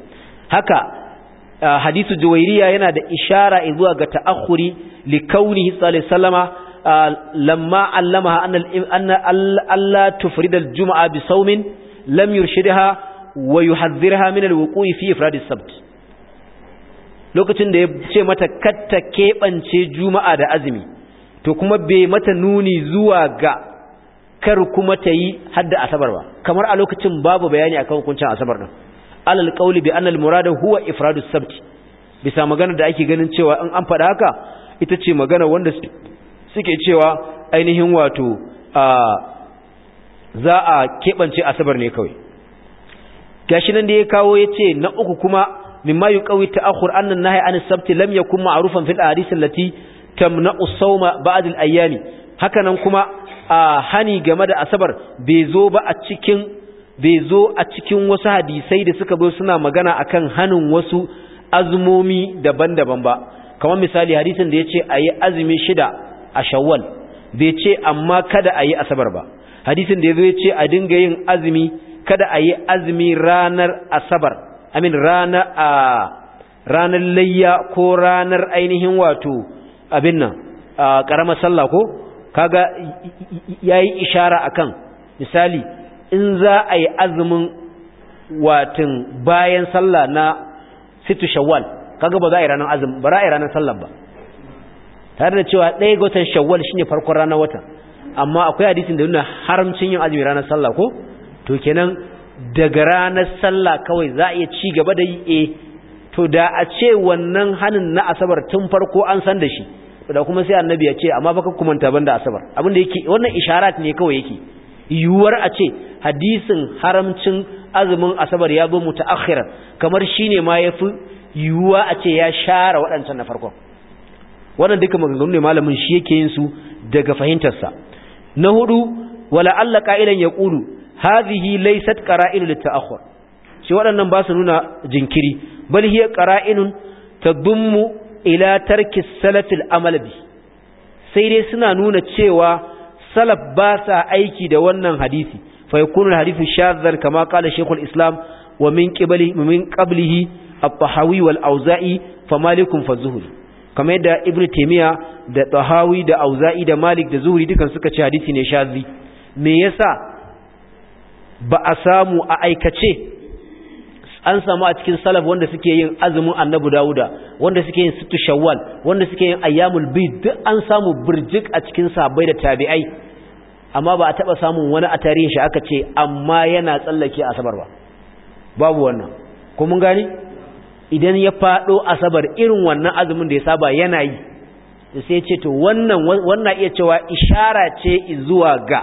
haka hadisu juwairiya yana da ishara zuwa ga ta'akhuri li kaunihi sallallahu alaihi wasallama lamma Allama, anna alla tufrida al-jum'a bi sawmin lam yurshidha wa yuhadhdhirha min al fi ifrad as-sabt lokacin da ya ce mata katta kebance juma'a da azumi to kuma bai mata nuni zuwa ga kar kuma tayi yi hadda asabar ba kamar a lokacin babu bayani akan hukuncin asabar din alal qawli bi anna huwa ifradu Sabti. bisa magana da ake ganin cewa in an fada haka ita ce magana wanda suke cewa ainihin wato za a keɓance asabar ne kawai gashi nan da ya kawo ya ce na uku kuma mimma yuqawi ta akhur annan nahi an sabti lam yakun ma'rufan fil ahadith allati tamna'u sawma ba'd al ayyami haka nan kuma a hani game da asabar bai zo ba a cikin bai zo a cikin wasu hadisai da suka zo suna magana akan hanin wasu azumomi daban-daban ba kamar misali hadisin da ya ce a yi azumi shida a shawwal bai ce amma kada a yi asabar ba hadisin da ya zo ya ce a dinga yin azumi kada a yi azumi ranar asabar amin ranar a ranar layya ko ranar ainihin wato abin nan a ƙaramar sallah ko kaga ya yi ishara akan misali in za a yi azumin watin bayan sallah na situ shawwal kaga ba za a yi ranar azumin ba za a yi ranar sallah ba tare da cewa ɗaya ga watan shawwal shine farkon ranar wata amma akwai hadisin da nuna haramcin yin azumi ranar sallah ko to kenan daga ranar sallah kawai za a iya ci gaba da yi eh to da a ce wannan hanin na asabar tun farko an san da shi da kuma sai annabi ya ce amma baka kumanta banda asabar abin da yake wannan isharat ne kawai yake yiwuwar a ce hadisin haramcin azumin asabar ya zo muta'akhir kamar shine ma yafi yiwuwa a ce ya share waɗancan na farkon wannan duka maganganu ne malamin shi yake yin su daga fahimtarsa na hudu wala alla qa'ilan yaqulu hadhihi laysat qara'inu lit shi waɗannan ba su nuna jinkiri bal hiya qara'inun tadummu ila tarki salafil amal bi sai dai suna nuna cewa salaf ba sa aiki da wannan hadisi فيكون الحديث شاذا كما قال شيخ الإسلام ومن قبله من قبله الطحاوي والاوزاعي فمالك فزهري كما يدى ابن تيميه ده طحاوي ده اوزاعي ده مالك ده زهري دي كان سكة حديثي نشاذي ميسا بأسامو أأيكتشه an samu a cikin salaf wanda suke yin azumin annabu dauda wanda suke yin sittu shawwal wanda suke yin ayyamul bid duk an samu burjik a cikin sahabbai da tabi'ai amma ba a taba samun wani a tarihin shi aka ce amma yana tsallake asabar ba babu wannan ko mun gani? idan ya fado asabar irin wannan azumin da ya saba yana yi sai ce to wannan wannan iya cewa ishara ce zuwa ga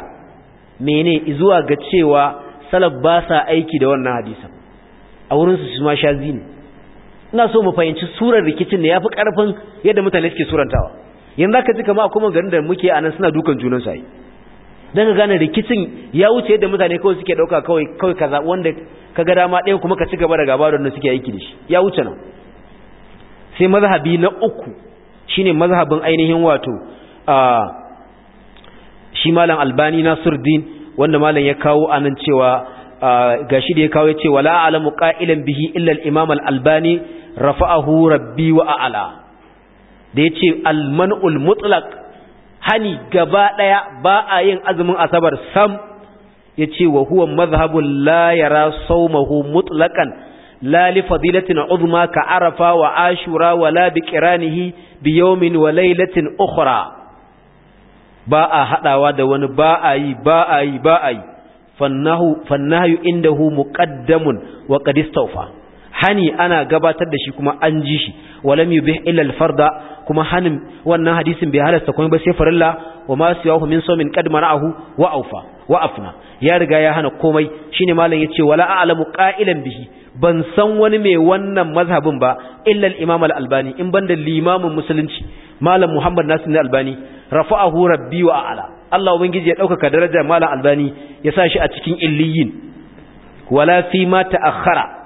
mene zuwa ga cewa salaf ba sa aiki da wannan hadisin a wurin su ma shazi ne ina so mu fahimci surar rikicin ne yafi karfin yadda mutane suke surantawa yanzu ka ji kamar kuma garin da muke a nan suna dukan junan sai dan ka gane rikicin ya wuce yadda mutane kawai suke ɗauka kawai kawai kaza wanda kaga dama ɗaya kuma ka ci gaba da gaba da suke aiki da shi ya wuce nan sai mazhabi na uku shine mazhabin ainihin wato a shi malam albani nasiruddin wanda malam ya kawo anan cewa gashi da ya kawo yace wala alamu qa'ilan bihi illa al-imam al-albani rafa'ahu rabbi wa a'la da yace al-man'ul mutlaq hani gaba ɗaya ba a yin azumin asabar sam ya ce wa huwa mazhabun la yara saumahu mutlaqan la li fadilatin uzma ka arafa wa ashura wa la bi qiranihi bi yawmin wa laylatin ukhra ba a hadawa da wani ba a yi ba a yi ba a yi fannahu fannahu indahu muqaddamun wa qad istawfa hani ana gabatar da shi kuma an ji shi walam yubih illa al-farda kuma hanin wannan hadisin bai halasta kuma ba sai farilla wa ma siwahu min sawmin qad mana'ahu wa awfa wa afna ya riga ya hana komai shine malam yace wala a'lamu qa'ilan bihi ban san wani mai wannan mazhabin ba illa al-imam al-albani in banda limamin musulunci malam muhammad nasir al-albani rafa'ahu rabbi wa a'la Allah ubangiji ya dauka darajar malam albani ya sa shi a cikin illiyin wala fi ma ta'akhkhara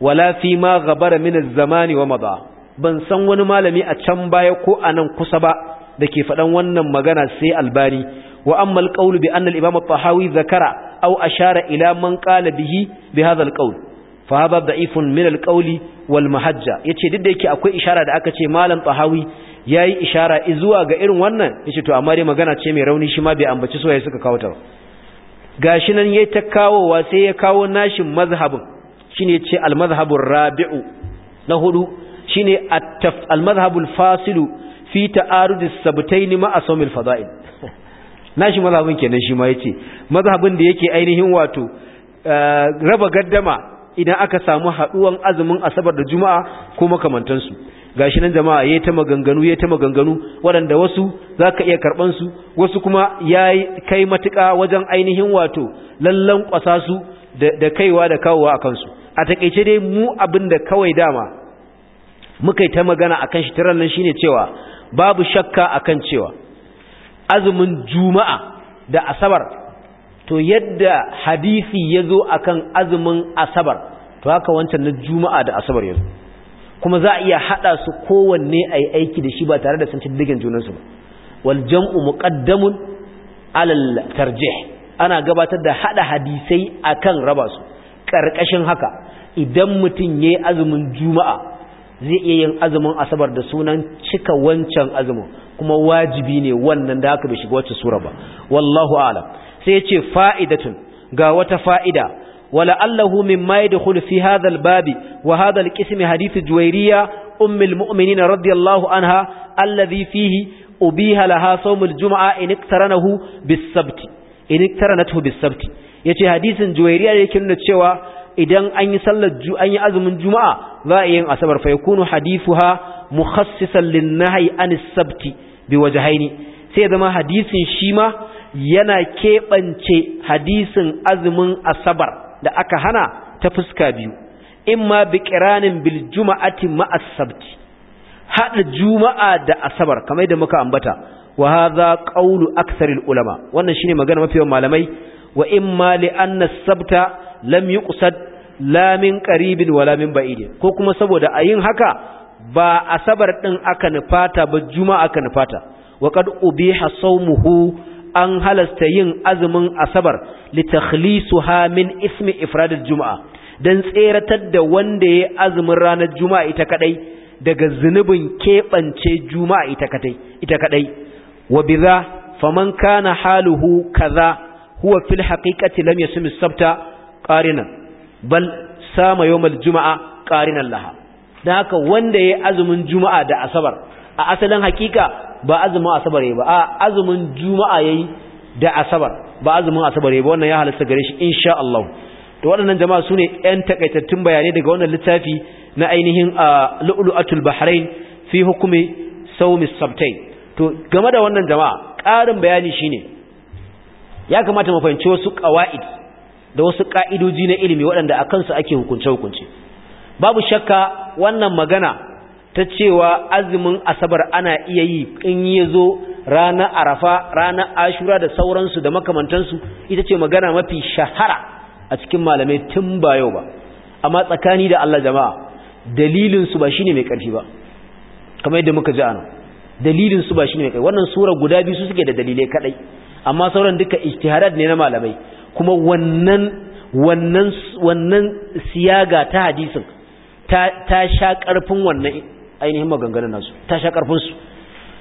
wala fi ma gabara min az-zamani wa mada ban san wani malami a can baya ko a nan kusa ba da ke faɗan wannan magana sai albani wa amma al bi anna imam tahawi zakara au ashara ila man qala bihi bi hadha al fa hadha da'ifun min al-qawli wal mahajja yace duk da yake akwai ishara da aka ce malam tahawi yayi ishara zuwa ga irin wannan yace to amma dai magana ce mai rauni shi ma bai ambaci soyayya suka kawo ta gashi nan yayi ta kawowa sai ya kawo nashin mazhabin shine ce al rabi'u na hudu shine al-madhhabul fasilu fi ta'arudis sabtayn ma'a sawmil fada'il nashi mazhabin kenan shi ma yace mazhabin da yake ainihin wato eh, raba gaddama idan aka samu haduwan azumin asabar da juma'a ko makamantansu gashi nan jama'a yayi ta maganganu yayi ta maganganu waɗanda wasu zaka iya karban su wasu kuma yayi kai matuƙa wajen ainihin wato lallan kwasa su da kaiwa da kawowa akan su a takaice dai mu abin da kawai dama muka yi ta magana akan kan shitarar nan shine cewa babu shakka akan cewa azumin juma'a da asabar to yadda hadisi ya zo a kan azumin asabar to haka wancan na juma'a da asabar ya kuma za a iya haɗa su kowanne a yi aiki da shi ba tare da sun ci digin junansu ba wal jam'u muqaddamun alal tarjih ana gabatar da haɗa hadisai akan raba su ƙarƙashin haka idan mutum ya yi azumin juma'a zai iya yin azumin asabar da sunan cika wancan azumin kuma wajibi ne wannan da haka bai shiga wacce sura ba wallahu alam sai ya ce fa'idatun ga wata fa'ida wala allahu min ma yadkhulu fi hadha babi wa hadha kismi qism hadith juwayriya umm radiyallahu anha alladhi fihi ubiha laha Juma'a! al-jum'a in iktaranahu bis-sabt in iktaranathu bis-sabt yace hadisin juwayriya yake nuna cewa idan an yi sallar an yi azumin juma'a za a yin asabar fa yakunu hadithuha mukhassisan lin-nahyi anis-sabti biwajhaini sai zama hadisin shi ma yana keɓance hadisin azumin asabar da aka hana ta fuska biyu imma biqiranin bil juma'ati ma'as-sabti hada juma'a da asabar kamar da muka ambata wa hadha qawlu aktharil ulama wannan shine magana mafi yawan malamai wa imma li anna as-sabta lam yuqsad la min qaribin wala min ba'id ko kuma saboda a yin haka ba asabar ɗin aka nufata ba juma'a aka nufata wa qad ubiha sawmuhu an halasta yin azumin asabar li takhlisuha min ismi ifrad juma'a dan tseratar da wanda yayi azumin ranar juma'a ita kadai daga zunubin keɓance juma'a ita kadai ita kadai wa bidha faman kana haluhu kaza huwa fil haqiqati lam yasum as-sabta qarinan bal sama yawmal juma'a qarinan laha dan haka wanda yayi azumin juma'a da asabar a asalin hakika ba azumin asabar yayi ba a azumin juma'a yayi da asabar ba azumin asabar yayi ba wannan ya halasta gare shi insha Allah to waɗannan jama'a sune ƴan takaitattun bayanai daga wannan littafi na ainihin lu'lu'atul bahrain fi hukumi sawmi sabtain to game da wannan jama'a ƙarin bayani shine ya kamata mu fahimci wasu qawaid da wasu ka'idoji na ilimi waɗanda a kansu ake hukunce-hukunce babu shakka wannan magana ta cewa azumin asabar ana iya yi in ya zo rana arafa rana ashura da sauransu da makamantansu ita ce magana mafi shahara a cikin malamai tun ba yau ba amma tsakani da Allah jama'a dalilinsu ba shi ne mai ƙarfi ba kamar yadda muka ji ana dalilinsu ba shi ne mai ƙarfi wannan sura guda biyu su suke da dalilai kaɗai. amma sauran duka ijtihadat ne na malamai kuma wannan wannan wannan siyaga ta hadisin ta ta sha karfin wannan ainihin maganganun nasu ta sha karfin su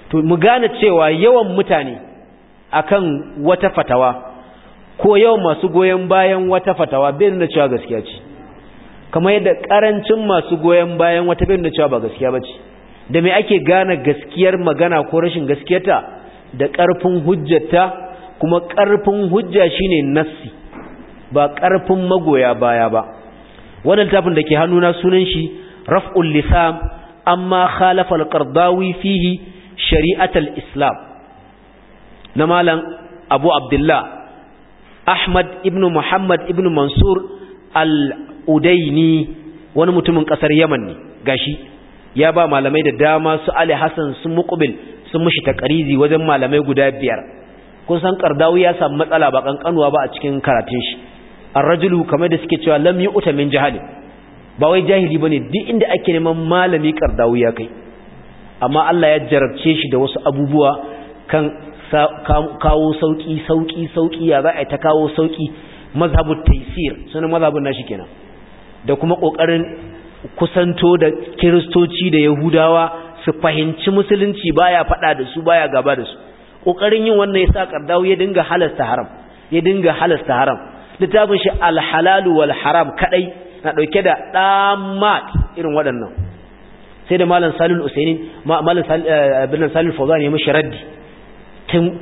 to mu gane cewa yawan mutane akan wata fatawa ko yawan masu goyen bayan wata fatawa bai nuna cewa gaskiya ce kamar yadda karancin masu goyen bayan wata bai nuna cewa ba gaskiya bace da me ake gane gaskiyar magana ko rashin gaskiyarta da karfin hujjarta kuma ƙarfin hujja shine nassi ba ƙarfin magoya baya ba wannan littafin da ke hannuna sunan shi raf'ul lisam amma khalafa al-qardawi fihi shari'atul islam na malam abu abdullah ahmad ibn muhammad ibn mansur al-udaini wani mutumin ƙasar yaman ne gashi ya ba malamai da dama su ali hasan su muqbil sun mushi takarizi wajen malamai guda biyar kun san qardawi ya samu matsala ba kankanuwa ba a cikin karatun shi An rajulu kamar da suke cewa lam uta min jahali ba wai jahili ba ne duk inda ake neman malami qardawi ya kai amma Allah ya jarabce shi da wasu abubuwa kan kawo sauki sauki sauki ya za a ta kawo sauki mazhabu taysir sunan mazhabun nashi kenan da kuma kokarin kusanto da kiristoci da yahudawa su fahimci musulunci baya fada da su baya gaba da su kokarin yin wannan yasa Qardawi ya dinga halasta haram ya dinga halasta haram littafin shi alhalalu halal wal haram kadai na ɗauke da damat irin waɗannan sai da malam Salih Usaini malam Salih eh, Salih Fawzan ya mishi raddi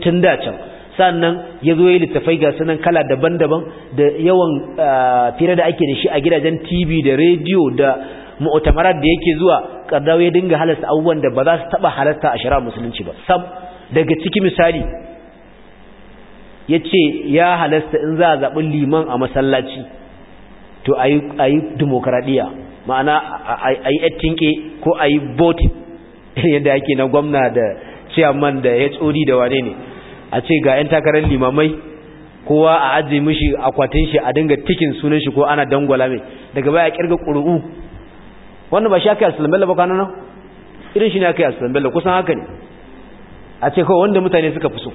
tun da can sannan ya zo yi littafai ga sunan kala daban-daban da yawan eh, fira da ake da shi a gidajen TV da rediyo da mu'tamarar da yake zuwa Qardawi ya dinga halasta abubuwan da ba za su taba halasta a shari'a musulunci ba sab daga ciki misali ya ce ya halasta in za a zaɓi liman a masallaci to a yi dimokuraɗiyya ma'ana a yi ettinke ko a yi voting yadda ake na gwamna da chairman da hod da wane ne a ce ga 'yan takarar limamai kowa a ajiye mishi akwatin shi a dinga tikin sunan shi ko ana dangwala mai daga baya kirga ƙuru'u wannan ba shi aka yi a sulambella ba kwanan nan irin shi ne aka yi a sulambella kusan haka ne a ce kawai wanda mutane suka fi so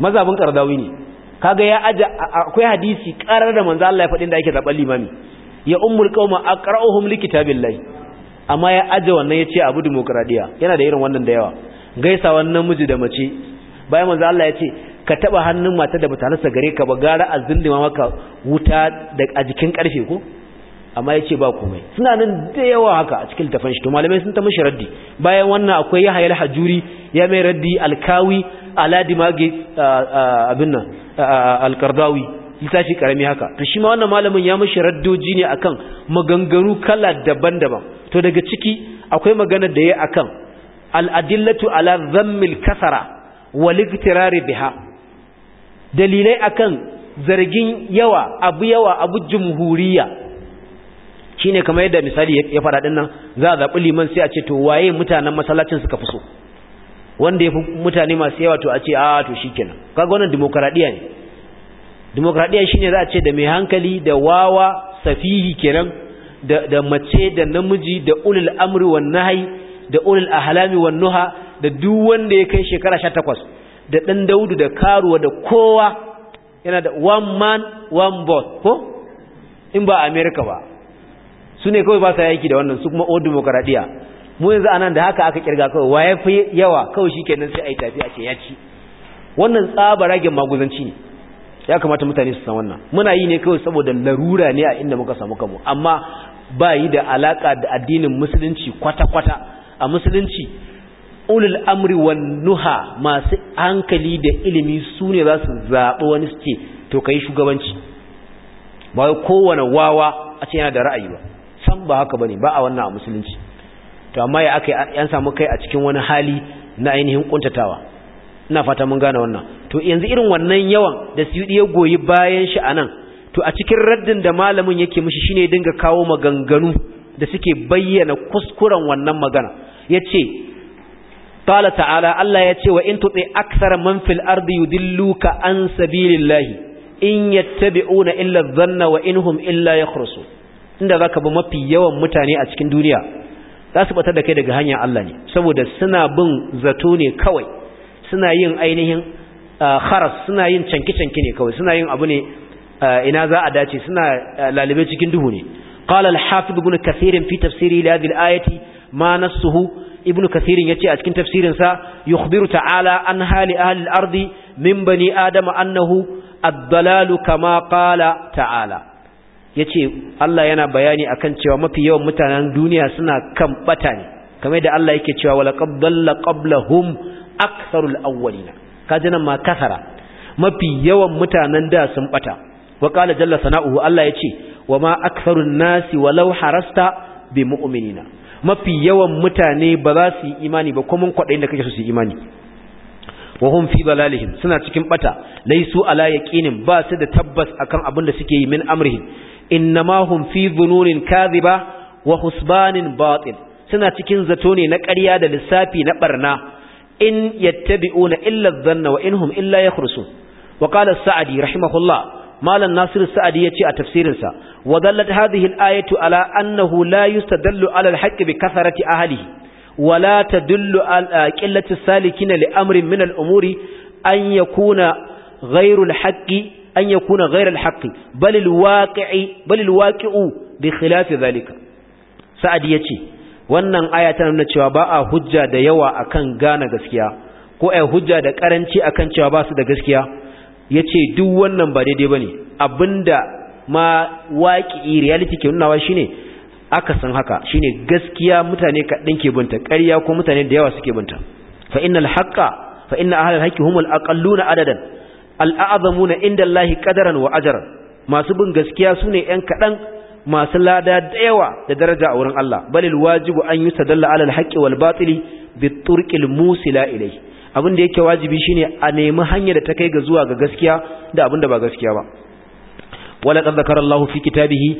mazabin kardawi ne kaga ya aja akwai hadisi karar da manzo Allah ya faɗin da ake zaɓar limami ya ummul qauma aqra'uhum likitabillahi amma ya aja wannan ya ce abu demokradiya yana da irin wannan da yawa gaisawan namiji da mace bayan manzo Allah ya ce, ka taba hannun mata da bata gare ka ba gara azzindima maka wuta da a jikin karfe ko amma yace ba komai suna nan da yawa haka a cikin tafan shi to malamai sun ta mashi raddi bayan wannan akwai Yahya al-Hajuri ya mai raddi al ala dimage abin nan al-Qardawi littafi karami haka to shi ma wannan malamin ya mashi raddoji ne akan maganganu kala daban-daban to daga ciki akwai magana da yayi akan al-adillatu ala dhammil kasara wal iktirari biha dalilai akan zargin yawa abu yawa abu jumhuriya shine kamar yadda misali ya fara dinnan za a zaɓi liman sai a ce to waye mutanen masallacin suka fi so wanda yafi fi mutane masu yawa to a ce a to shikenan kaga wannan demokradiya ne demokradiya shine za a ce da mai hankali da wawa safihi kenan da da mace da namiji da ulul amri wan nahi da ulul ahlami wan nuha da duk wanda ya kai shekara 18 da dan daudu da karuwa da kowa yana da one man one boss ko in ba america ba su ne kawai ba sa yaki da wannan su kuma o demokaradiyya mu yanzu anan da haka aka kirga kawai ya fi yawa kawai shi kenan sai a yi tafi a ce ya ci wannan tsaba ragin maguzanci ne ya kamata mutane su san wannan muna yi ne kawai saboda larura ne a inda muka samu kanmu amma ba yi da alaka da addinin musulunci kwata-kwata a musulunci ulul amri wan nuha masu hankali da ilimi su ne za su zaɓi wani su ce to ka yi shugabanci ba kowane wawa a ce yana da ra'ayi ba san ba haka bane ba a wannan a musulunci to amma ya aka yan samu kai a cikin wani hali na ainihin kuntatawa ina fata mun gane wannan to yanzu irin wannan yawan da siyudi ya goyi bayan shi anan to a cikin raddin da malamin yake mishi shine ya dinga kawo maganganu da suke bayyana kuskuren wannan magana yace qala ta'ala Allah yace wa in tuti akthara man fil ardi yudilluka an sabilillahi in yattabi'una illa dhanna wa inhum illa yakhrusun tunda zaka bi mafi yawan mutane a cikin duniya za su fita da kai daga hanyar Allah ne saboda suna bin zato ne kawai suna yin ainihin uh, kharas suna yin canke-canke ne kawai suna yin abu ne uh, ina za a dace suna uh, lalibai cikin duhu ne qala al-hafiz ibn fi tafsiri li hadhihi al-ayati ma nasuhu ya ce a cikin tafsirin sa yukhbiru ta'ala an hali ahli al-ardi min bani adam annahu ad-dalalu kama qala ta'ala Ya ce Allah yana bayani a kan cewa mafi yawan mutanen duniya suna kan ɓata ne kamar da Allah yake cewa walaqad dalla qablahum aksarul awwalina kaje nan ma kasara mafi yawan mutanen da sun ɓata wa ƙala jalla sana'uhu Allah ya ce wa ma aksarun nasi walau harasta bi mu'minina mafi yawan mutane ba za su yi imani ba kuma kwaɗayin da kake su yi imani wahum fi balalihim suna cikin bata laisu ala yaqinin ba su da tabbas akan abin da suke yi min amrihim innama hum fi dhununin kadhiba wa husbanin batil suna cikin zato ne na ƙarya da lissafi na barna in yattabi'una illa dhanna wa inhum illa yakhrusun wa qala sadi rahimahullah malam nasir sa'adi yace a tafsirinsa wa dallat hadhihi al-ayatu ala annahu la yustadallu ala al-haqqi bi kasarati ahlihi wa la tadullu ala qillati salikin li amrin min al-umuri an yakuna ghayru al-haqqi an yakuna ghayra al-haqqi bal al-waqi'i bal al-waqi'u bi zalika sa'ad yace wannan aya tana nuna cewa ba a hujja da yawa akan gane gaskiya ko ai hujja da karanci akan cewa ba su da gaskiya yace duk wannan ba daidai bane abinda ma waqi'i reality ke nunawa shine aka san haka shine gaskiya mutane kaɗan ke binta ƙarya ko mutane da yawa suke binta fa innal haqqa fa inna ahlal haqqi humul aqalluna adadan al'azamuna inda Allahi ƙadaran wa masu bin gaskiya sune yan kaɗan, masu lada da yawa da daraja a wurin Allah balil wajibu an yustadalla ala alhaqqi wal batili biturqil musila ilai abin da yake wajibi shine a nemi hanyar da ta kai ga zuwa ga gaskiya da abin da ba gaskiya ba wala qad zakara Allah fi kitabihi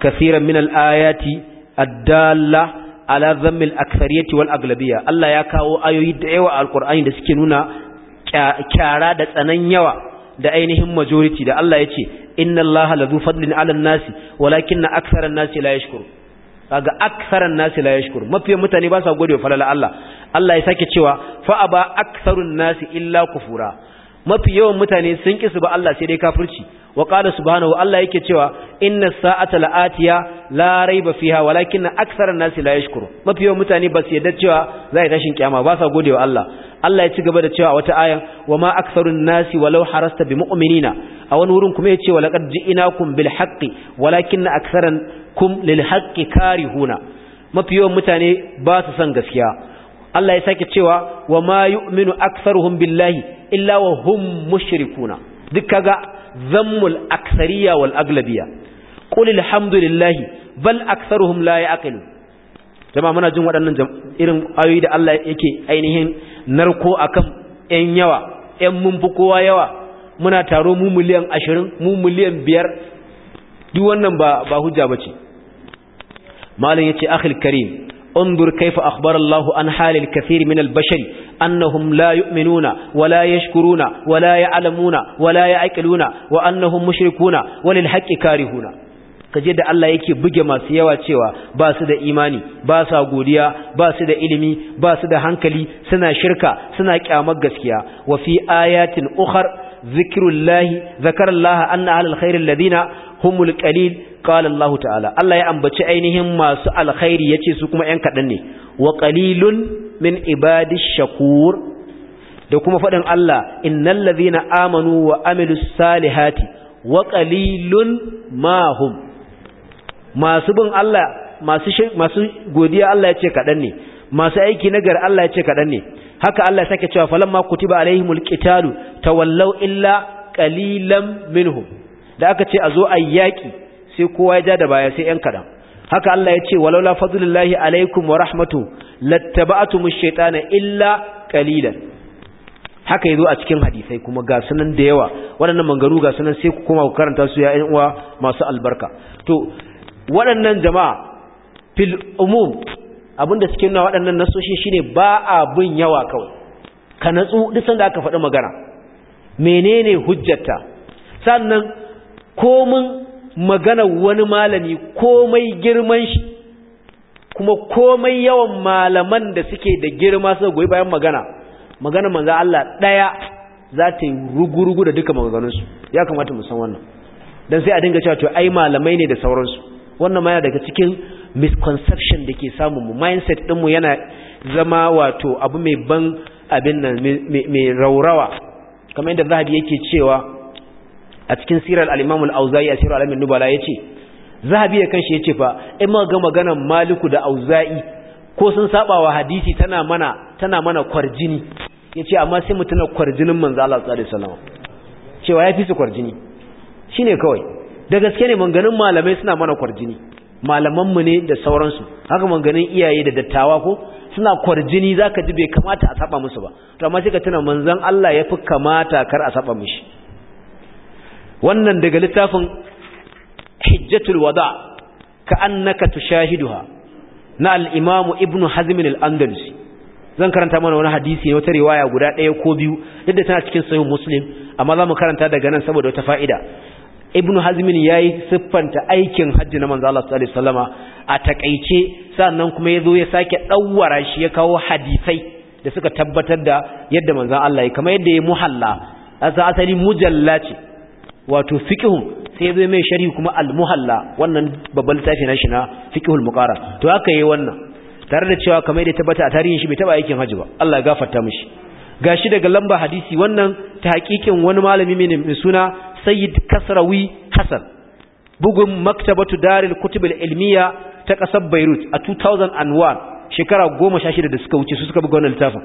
kaseeran min alayati ad-dalla ala zammil akthariyati wal aglabiyya Allah ya kawo ayoyi da yawa a alqur'ani da suke nuna kyara da tsanan yawa da ainihin majority da Allah ya ce inna Allah la zu fadlin ala nasi na aksaran nasi la yashkur kaga aksaran nasi la yashkur mafi mutane ba sa gode wa falala Allah Allah ya sake cewa fa aba aksarun nasi illa kufura mafi yawan mutane sun ki su ba Allah sai dai kafirci wa qala subhanahu Allah yake cewa inna sa'ata la'atiya la raiba fiha walakinna aksaran nasi la yashkur mafi yawan mutane ba su yarda cewa za a tashin kiyama ba sa gode wa Allah Allah ya ci gaba da cewa wata ayan wama aktharun nasi walau harasta muminina a wani wurin kuma yace walaqad ji'inakum bil haqqi walakin aktharankum lil haqqi karihuna mafi yawan mutane ba su san gaskiya Allah ya sake cewa wama yu'minu aktharuhum billahi illa wa hum mushrikuna duk kaga zammul aktsariya wal aglabiya qul alhamdulillahi bal aktharuhum la ya'qilun jama'a muna jin waɗannan irin ayoyi da Allah yake ainihin narko akan yan yawa yan mun fi kowa yawa muna taro mu miliyan ashirin mu miliyan biyar duk wannan ba ba hujja ce. malam ce akhil karim انظر كيف أخبر الله عن حال الكثير من البشر أنهم لا يؤمنون ولا يشكرون ولا يعلمون ولا يعقلون وأنهم مشركون وللحق كارهون kaje da Allah yake buge masu yawa cewa ba su da imani ba sa godiya ba su da ilimi ba su da hankali suna shirka suna kyamar gaskiya wa fi ayatin ukhar zikrullahi zakarallaha anna ahlul khairil ladina humul qalil qala Allah ta'ala Allah ya ambaci ainihin masu alkhairi yace su kuma yan kadan ne wa qalilun min ibadish shakur da kuma fadin Allah innal ladina amanu wa amilus salihati wa qalilun ma hum masu bin Allah masu godiya Allah ya ce kaɗan ne masu aiki nagar Allah ya ce kaɗan ne haka Allah ya sake cewa falamma kutiba alaihimul qitalu tawallau illa qalilan minhum da aka ce a zo yaƙi, sai kowa ya ja da baya sai yan kaɗan haka Allah ya ce walaula fadlullahi alaikum wa rahmatu lattaba'tumush shaytana illa qalilan haka yazo a cikin hadisai kuma ga sunan da yawa waɗannan mangaru ga sunan sai ku koma ku karanta su ya uwa masu albarka to waɗannan jama'a fil umum abinda suke nuna waɗannan nasoshi shine ba a bin yawa kawai ka natsu duk sanda aka faɗi magana menene hujjata sannan komin magana wani malami komai girman shi kuma komai yawan malaman da suke da girma suka goyi bayan magana magana manzo Allah ɗaya za ta yi rugurugu da duka maganganunsu ya kamata mu san wannan dan sai a dinga cewa to ai malamai ne da sauransu wannan ma daga cikin misconception da ke samun mu mindset ɗinmu yana zama wato abu mai ban abin nan mai raurawa kamar yadda zahabi yake cewa a cikin sirar al al'auzai a sirar al nubala ya ce zahabi ya kanshi ce fa in ma ga maganan maliku da auza'i ko sun wa hadisi tana mana tana mana kwarjini yace amma sai mutuna kwarjinin manzala Allah sallallahu alaihi wasallam cewa yafi su kwarjini ne kawai da gaske ne manganin malamai suna mana kwarjini malamanmu ne da sauransu haka manganin iyaye da dattawa ko suna kwarjini zaka ji bai kamata a saba musu ba to amma sai ka tuna manzon Allah yafi kamata kar a saba mishi wannan daga littafin hijjatul wada ka annaka tushahiduha na al-imam ibnu hazm al-andalusi zan karanta mana wani hadisi ne wata riwaya guda ɗaya ko biyu duk da tana cikin sahih muslim amma za mu karanta daga nan saboda wata fa'ida ibn hazmin ya yi siffanta aikin hajji na manzo Allah sallallahu alaihi wasallam a takaice sannan kuma yazo ya sake dawwara shi ya kawo hadisai da suka tabbatar da yadda manzo Allah ya kamar yadda ya muhalla azza asali mujalla ce wato fiqh sai yazo mai sharhi kuma al-muhalla wannan babban littafi na shi na fiqhul muqara to haka yayi wannan tare da cewa kamar yadda tabbata a tarihin shi bai taba aikin hajji ba Allah ya gafarta mishi gashi daga lamba hadisi wannan ta hakikin wani malami mai suna sayyid kasrawi Hassan bugun maktabatu daril kutub ilmiya ta kasar beirut a 2001 shekara 16 da suka wuce su suka buga wannan littafin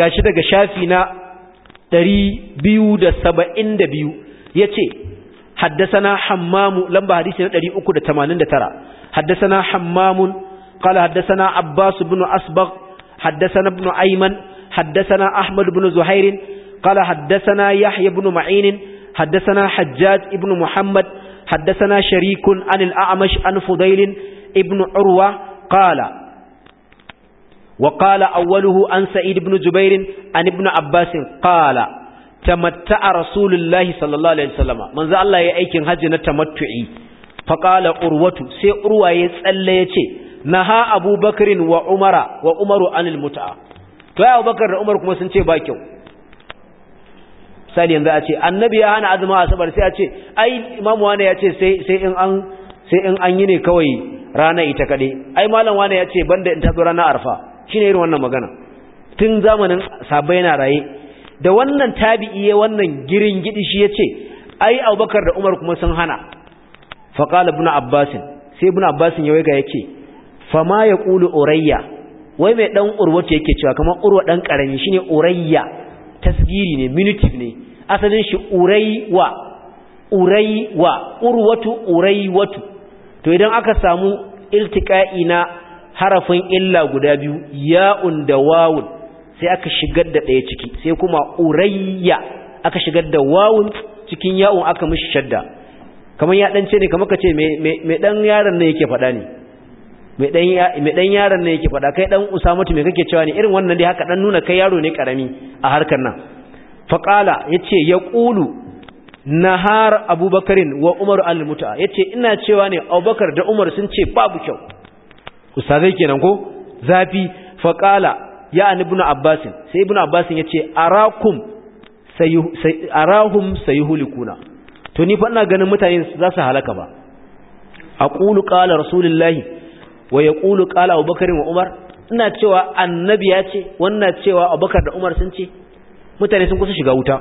gashi daga shafi na 272 yace حدثنا na لمبا حديثنا الذي أكد تمانين ترى حدثنا حمام قال حدثنا عباس بن أسبغ haddasana ابن أيمن حدثنا أحمد بن زهير قال حدثنا يحيى حدثنا حجاج ابن محمد حدثنا شريك عن الأعمش عن فضيل ابن عروة قال وقال أوله عن سعيد بن جبير عن ابن عباس قال تمتع رسول الله صلى الله عليه وسلم من ذا الله يأيكن هجنة تمتعي فقال عروة سي عروة يتسأل نها أبو بكر وعمر وعمر عن المتعة فأبو بكر وعمر كما سنتي باكيو Sani, yanzu a ce annabi ya hana azumin asabar sai a ce ai imamu wane ya ce sai in an yi ne kawai rana ita kaɗai ai malam wane ya ce banda in ta zo rana arfa shine irin wannan magana tun zamanin sabai yana raye da wannan tabi'i ya wannan girin gidi shi ya ce ai abubakar da umar kuma sun hana faƙala ibn abbasin sai ibn abbasin ya waiga yake fama ya ƙulu urayya wai mai ɗan ta yake cewa kamar urwa ɗan ƙarami ne urayya tasgiri ne minitif ne asalin shi uraiwa uraiwa urwatu uraiwatu to idan aka samu iltika'i na harafin illa guda biyu ya'un da wawun sai aka shigar da ɗaya ciki sai kuma urayya aka shigar da wawun cikin ya'un aka mishi shadda kamar ya ne kamar ka ce mai ɗan yaron ne yake faɗa ne mai dan yaron ne yake faɗa kai dan usamatu me kake cewa ne irin wannan dai haka dan nuna kai yaro ne karami a harkar nan qala yace yaqulu nahar abubakarin wa umar al yace ina cewa ne abubakar da umar sun ce babu kyau ustazai kenan ko zafi qala ya an ibnu abbas sai ibnu abbas yace arakum sai arahum sayuhlikuna to ni fa ina ganin mutane za su halaka ba aqulu qala rasulullahi wa yaqulu qala abubakar wa umar ina cewa annabi ya ce wannan cewa abubakar da umar sun ce mutane sun kusa shiga wuta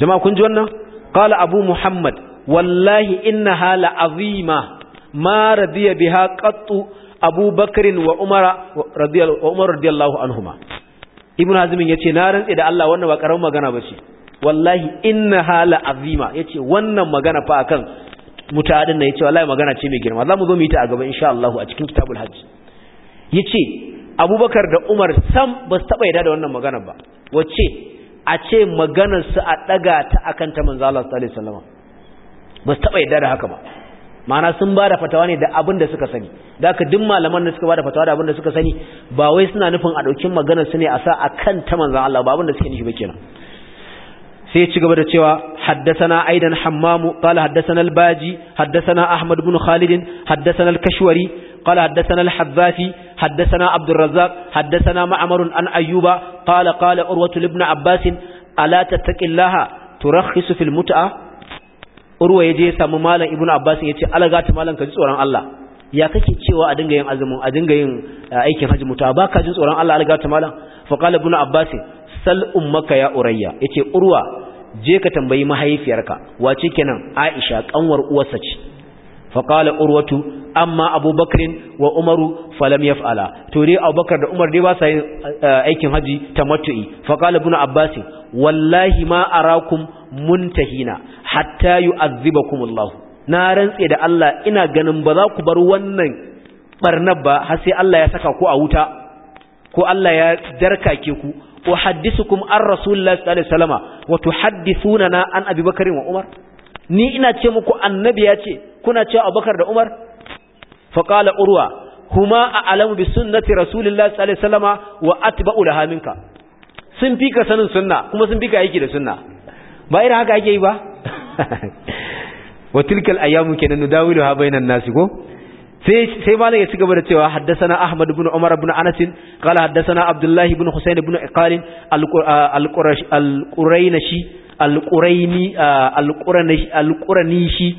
jama'a kun ji wannan ƙala abu muhammad wallahi innaha hala azima ma radiya biha qattu abubakar wa umar radiyallahu umar radiyallahu anhuma ibnu hazm yace na rantsi da Allah wannan ba karamin magana bace wallahi inna hala azima yace wannan magana fa akan muta din nan yace wallahi magana ce mai girma zamu zo mu yi ta a gaba insha Allah a cikin kitabul Ya yace Abubakar da Umar sam ba su taba yada da wannan magana ba wace a ce maganar su a daga ta akan ta manzo Allah sallallahu alaihi wasallam ba su taba yada da haka ba ma'ana sun ba da fatawa ne da abin da suka sani da haka duk malaman da suka ba da fatawa da abin da suka sani ba wai suna nufin a ɗaukin maganar su ne a sa a kan ta manzo Allah ba abin da suke nufi ba kenan sai ya ci gaba da cewa haddasana aidan hammamu qala haddathana al-baji haddathana ahmad ibn khalid haddathana al-kashwari qala haddathana al-haddafi haddathana abd al-razzaq haddathana ma'mar an ayyuba qala qala urwa ibn abbas ala tattaqillaha turakhisu fil mut'a urwa yaje ya samu malam ibn abbas yace alaga ta malam ka ji tsoron Allah ya kake cewa a dinga yin azumin a dinga yin aikin hajji mutuwa ba ka jin tsoron Allah alga ta malam fa qala ibn abbas sal ummaka ya urayya yace urwa je ka tambayi mahaifiyarka wace kenan aisha kanwar uwarsa ce fa qala urwatu amma abubakrin wa umaru falam yaf'ala to dai abubakar da umar dai ba sa yin eh, aikin haji tamattu'i fa qala ibn abbas wallahi ma arakum muntahina hatta yu'azzibakum allah na rantse da Allah ina ganin ba za ku bar wannan ɓarnar ba har sai Allah ya saka ku a wuta ko Allah ya darkake ku uhaddithukum an rasulillahi sallallahu alaihi wasallama wa tuhaddithunana an abi bakarin wa umar ni ina ce muku annabi ya ce kuna cewa abubakar da umar fa qala urwa huma a'lamu bi sunnati rasulillahi sallallahu alaihi wasallama wa atba'u laha minka sun fika sanin sunna kuma sun fi ka aiki da sunna ba irin haka ake yi ba wa tilkal ayyamu kenan nudawiluha bainan nasi ko sai sai malam ya ci gaba da cewa haddathana ahmad ibn umar ibn anas qala haddasana abdullah ibn husayn ibn iqal al-qurash al-qurainashi al-quraini al-quranishi al-quranishi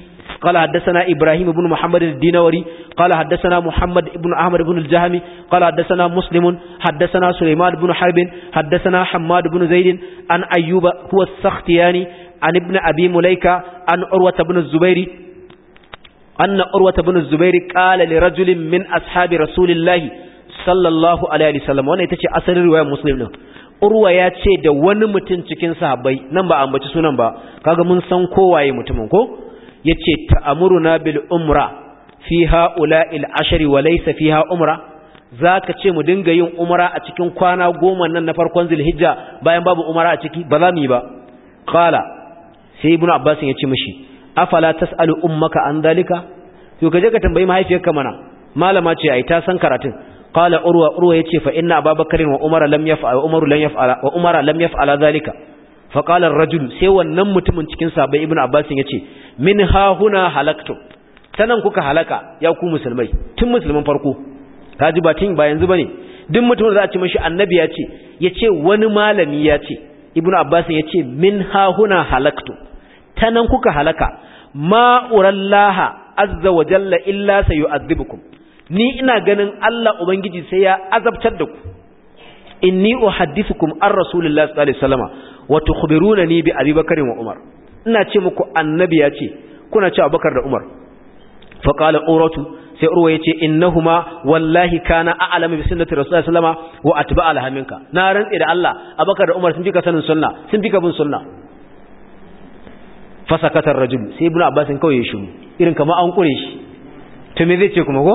قال حدثنا إبراهيم بن محمد الدينوري قال حدثنا محمد بن أحمد بن الجهمي قال حدثنا مسلم حدثنا سليمان بن حرب حدثنا حماد بن زيد عن أيوب هو السختياني عن ابن أبي مليكة عن عروة بن الزبير anna urwata bin zubair qala li rajulin min ashabi rasulillahi sallallahu alaihi wasallam wannan ita ce asalin wa muslim din urwa ya ce da wani mutum cikin sahabbai nan ba a ambaci sunan ba kaga mun san kowaye mutumin ko yace ta'amuruna bil umra fi ha'ula'il ashri wa laysa fiha umra zaka ce mu dinga yin umara a cikin kwana goma nan na farkon zulhijja bayan babu umra a ciki ba za mu yi ba qala sai ibnu abbas ya ce mishi afala tasalu ummaka an dalika to kaje ka tambayi mahaifiyarka mana malama ce ai ta san karatun qala urwa urwa yace fa inna ababakarin wa umara lam yaf'al umaru lam yaf'ala wa umara lam yaf'ala zalika fa qala ar-rajul sai wannan mutumin cikin sahabbai ibnu abbas yace min ha huna halaktu tanan kuka halaka ya ku musulmai tun musulmin farko kaji ba tin ba yanzu bane duk mutumin da za a ce mishi annabi ya ce yace wani malami ya ce ibnu abbas yace min ha huna halaktu tanan kuka halaka Ma'urar Laha azza wa jalla illa sayu'adhibukum ni ina ganin Allah ubangiji sai ya azabtar da ku In inni uhaddithukum an rasulillahi sallallahu alaihi wasallama wa tukhbiruna ni bi abubakar wa umar ina ce muku annabi ya ce kuna ce abubakar da umar fa qala uratu sai urwa yace innahuma wallahi kana a'lamu bi sunnati rasulullahi sallallahu alaihi wasallama wa atba'a alhaminka na rantsi da Allah abubakar da umar sun fika sanin sunna sun fika bin sunna fasakatar rajul sai ibnu abbas kawai ya shiru irin kamar an kure shi to me zai ce kuma ko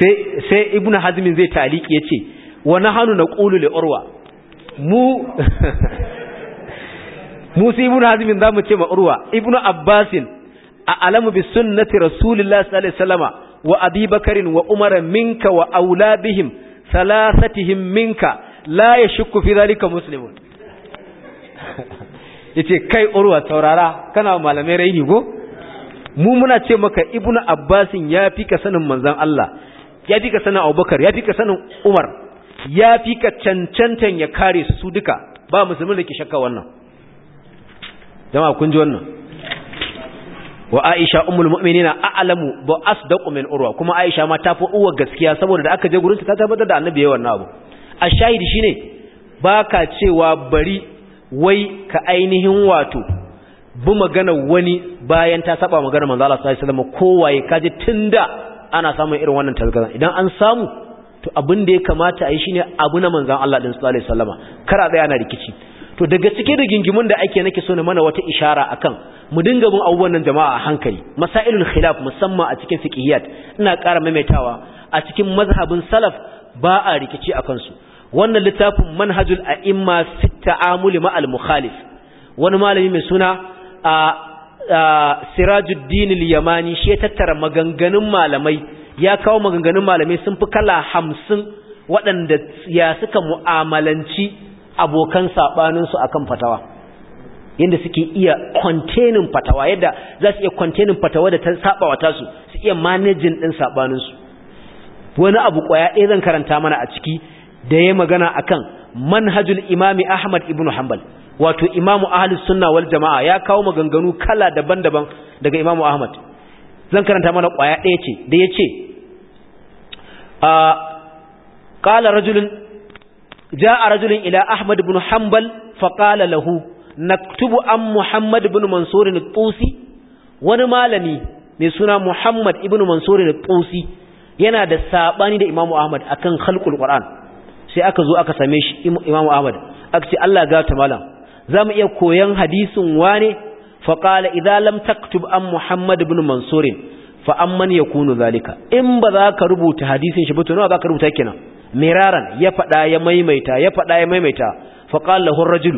sai sai ibnu hazm zai taliki yace wa nahnu naqulu li urwa mu mu sai ibnu hazm mu ce ma urwa ibnu abbas a alamu bi sunnati rasulillahi sallallahu alaihi wasallam wa abi bakarin wa umar minka wa auladihim salasatihim minka la yashukku fi dhalika muslimun yace kai urwa taurara kana malamai raini go mu muna ce maka ibnu abbasin ya fi ka sanin manzon Allah ya fi ka sanin abubakar ya fi ka sanin umar ya fi ka cancantan ya kare su duka ba musulmin da ke shakka wannan jama'a kun ji wannan wa aisha ummul mu'minina a'lamu ba asdaqu min urwa kuma aisha ma ta fi uwa gaskiya saboda da aka je gurinta ta tabbatar da annabi ya wannan abu ashahidi shine baka cewa bari wai ka ainihin wato bi magana wani bayan ta saba magana manzo Allah sallallahu alaihi wasallam kowaye kaji tunda ana samun irin wannan talgaza idan an samu to abin da ya kamata a yi shine abu na manzo Allah din sallallahu alaihi wasallama kar tsaya na rikici to daga cikin rigingimun da ake nake so na mana wata ishara akan mu dinga bin abubuwan nan jama'a a hankali masailul khilaf musamman a cikin fiqhiyat ina ƙara maimaitawa a cikin mazhabin salaf ba a rikici akan su wannan littafin manhajul a'imma fi ta'amuli ma'al mukhalif wani malami mai suna a sirajuddin al-yamani shi tattara maganganun malamai ya kawo maganganun malamai sun fi kala hamsin waɗanda ya suka mu'amalanci abokan saɓaninsu akan fatawa yadda suke iya containing fatawa yadda za su iya containing fatawa da ta wa tasu su iya manajin ɗin saɓaninsu wani abu ƙwaya ɗaya zan karanta mana a ciki da ya magana akan manhajul imami ahmad ibnu hanbal wato imamu ahlus sunna wal jama'a ya kawo maganganu kala daban-daban daga imamu ahmad zan karanta mana kwaya ɗaya ce da ya ce qala rajulun jaa rajulun ila ahmad ibnu hanbal fa qala lahu naktubu an muhammad ibnu mansur al-tusi wani malami mai suna muhammad ibn mansur al-tusi yana da saɓani da imamu ahmad akan khalqul qur'an sai aka zo aka same shi Imam Ahmad aka ce Allah ga ta malam zamu iya koyan hadisin wane fa qala idza lam taktub an Muhammad ibn Mansur fa amman yakunu zalika in ba za ka rubuta hadisin shi ba to nawa za ka rubuta kenan miraran ya fada ya maimaita ya fada ya maimaita fa qala lahu ar-rajul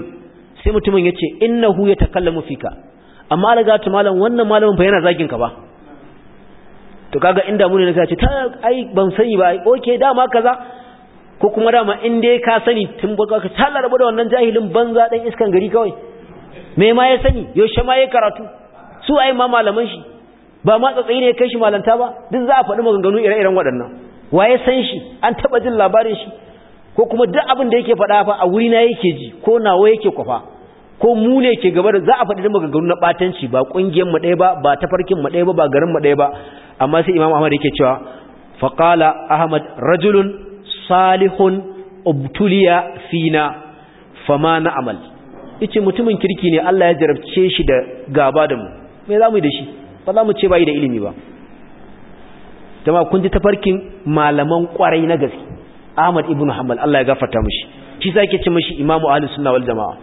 sai mutumin yace innahu yatakallamu fika amma Allah ga ta malam wannan malamin fa yana zagin ka ba to kaga inda mun ne na ce ta ai ban sani ba oke dama kaza ko kuma dama in dai ka sani tun ba ka tallar da wannan jahilin banza dan iskan gari kawai me ma ya sani yaushe ma ya karatu su ai ma malaman shi ba ma tsatsayi ne kai shi malanta ba duk za a faɗi maganganu ire-iren waɗannan ya san shi an taɓa jin labarin shi ko kuma duk abin da yake faɗa fa a wuri na yake ji ko nawa yake kwafa ko mu ne ke gaba da za a faɗi maganganu na batanci ba ƙungiyar mu ɗaya ba ba tafarkin mu ɗaya ba ba garin mu ɗaya ba amma sai imam ahmad yake cewa faqala ahmad rajulun salihun ubtuliya fina fama na amal ice mutumin kirki ne Allah ya jarabce shi da gaba da mu me za mu yi da shi ba za mu ce bai da ilimi ba jama'a kun ji tafarkin malaman kwarai na gaske Ahmad ibn Hanbal Allah ya gafarta mishi shi sa yake ce mishi Imam ahli Sunna wal Jama'a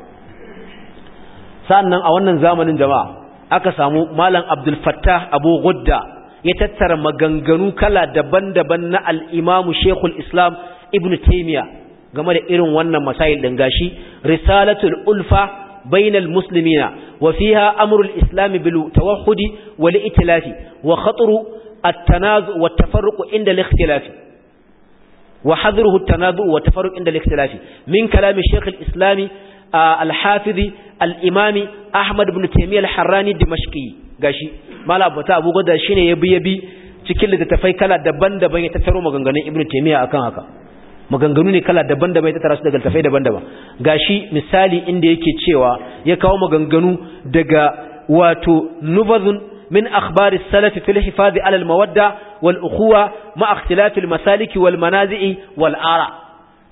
sannan a wannan zamanin jama'a aka samu malam Abdul Fattah Abu Ghudda ya tattara maganganu kala daban-daban na al'imamu shekul islam ibn taimiya game da irin wannan masail ɗin gashi risalatul ulfa bainal muslimina wa fiha amrul islami bil tawahhudi wal itilafi wa khatru at-tanazu wa tafarruq inda al-ikhtilafi wa hadruhu at-tanazu wa tafarruq inda al-ikhtilafi min kalami shaykh al-islami al-hafizi ah, al-imami ahmad ibn taymiyyah al-harrani dimashqi gashi malam bata abu gwada ya bi ya bi cikin littattafai kala daban-daban ya tattaro maganganun akan haka maganganu ne kala daban-daban ya tattara su daga littattafai daban-daban gashi misali inda yake cewa ya kawo maganganu daga wato nubazun min akhbari salafi fil hifazi mawadda wal ukhuwa ma masaliki wal manazi'i wal ara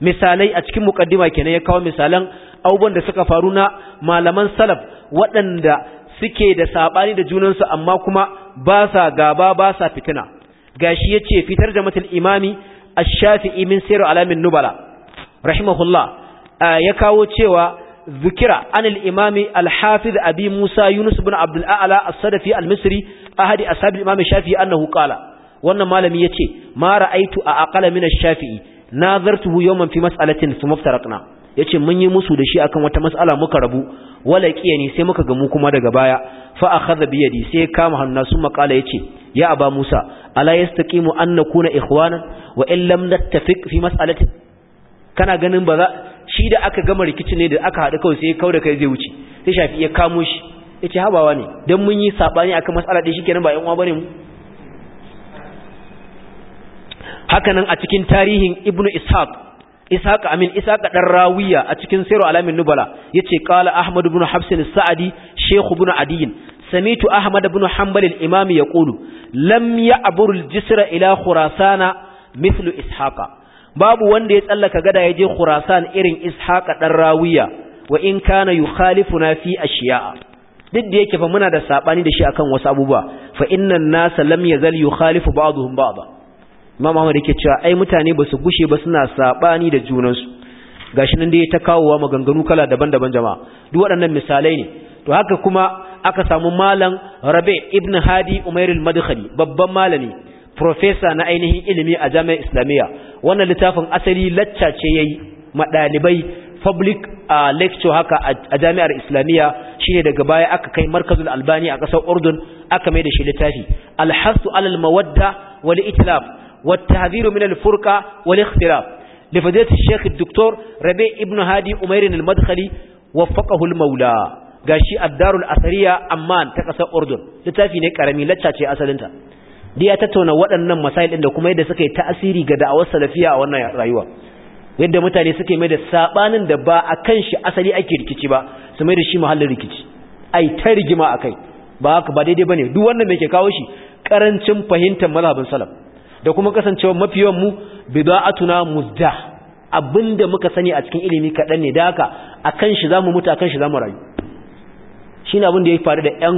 misalai a cikin mukaddima kenan ya kawo misalan abubuwan da suka faru na malaman salaf waɗanda suke da sabani da junansu amma kuma ba sa gaba ba sa fitina gashi yace fitar da matal imami a shafi min sirr alamin nubala rahimahullah ya kawo cewa zukira an al'imami imami al abi musa yunus bin abdul a'la sadafi al-misri ahadi a al-imam shafi'i annahu qala wannan malami ce mara aitu a aqala shafi'i na zartu nazartuhu yawman fi mas'alatin thumma iftaraqna yace mun yi musu da shi akan wata mas'ala muka rabu wala qiyani sai muka ga mu kuma daga baya fa akhadha bi yadi sai kama hannu sun makala yace ya aba musa ala yastaqimu an nakuna ikhwana wa in lam nattafiq fi mas'alatin kana ganin ba za shi da aka gama rikici ne da aka hadu kawai sai kau da kai zai wuce sai shafi ya kamo shi yace habawa ne dan mun yi sabani akan mas'ala din shikenan ba yan uwa bane mu hakanan a cikin tarihin ibnu ishaq ishaqa amin ishaqa dan rawiya a cikin sirru alamin nubala yace qala ahmad ibn hafs as-sa'di shaykh ibn adiy samitu ahmad ibn hanbal al-imam yaqulu lam ya'bur al-jisra ila khurasana mithlu ishaqa babu wanda ya tsallaka gada ya je khurasan irin ishaqa ɗan rawiya wa in kana na fi a ashiya'a duk da yake fa muna da saɓani da shi akan wasu abubuwa fa innan nasa lam yazal yukhalifu ba'dhum ba'dha imam ahmad yake cewa ai mutane ba su gushe ba suna sabani da junansu gashi nan dai ta kawowa maganganu kala daban-daban jama'a duk waɗannan misalai ne to haka kuma aka samu malam rabe ibn hadi umair al-madkhali babban malami professor na ainihin ilimi a jami'ar islamiyya wannan littafin asali lacca ce yayi madalibai public uh, lecture haka a jami'ar islamiyya shine daga baya aka kai markazul albani a kasar urdun aka mai da shi littafi alhasu alal mawadda wal itlaf والتحذير من الفرقة والاختلاف لفضيلة الشيخ الدكتور ربيع ابن هادي أمير المدخلي وفقه المولى قاشي الدار الأثرية أمان تقصى أردن لتافي نيك أرمي لتشاتي أسلنتا دي أتتونا وأننا مسائل إنه كما يدى سكي تأثيري قد أوصل فيها وأنا رأيوه yadda mutane suke mai da sabanin da ba a kan shi asali ake rikici ba su mai da shi mahallin rikici ai ta rigima akai ba haka ba daidai bane duk wannan da ke kawo shi karancin fahimtar mazhabin salaf da kuma kasancewa mafi yawan mu bid'atuna muzda abinda muka sani a cikin ilimi kadan ne da haka akan shi zamu mutu akan shi zamu rayu shine abin da ya faru da ƴan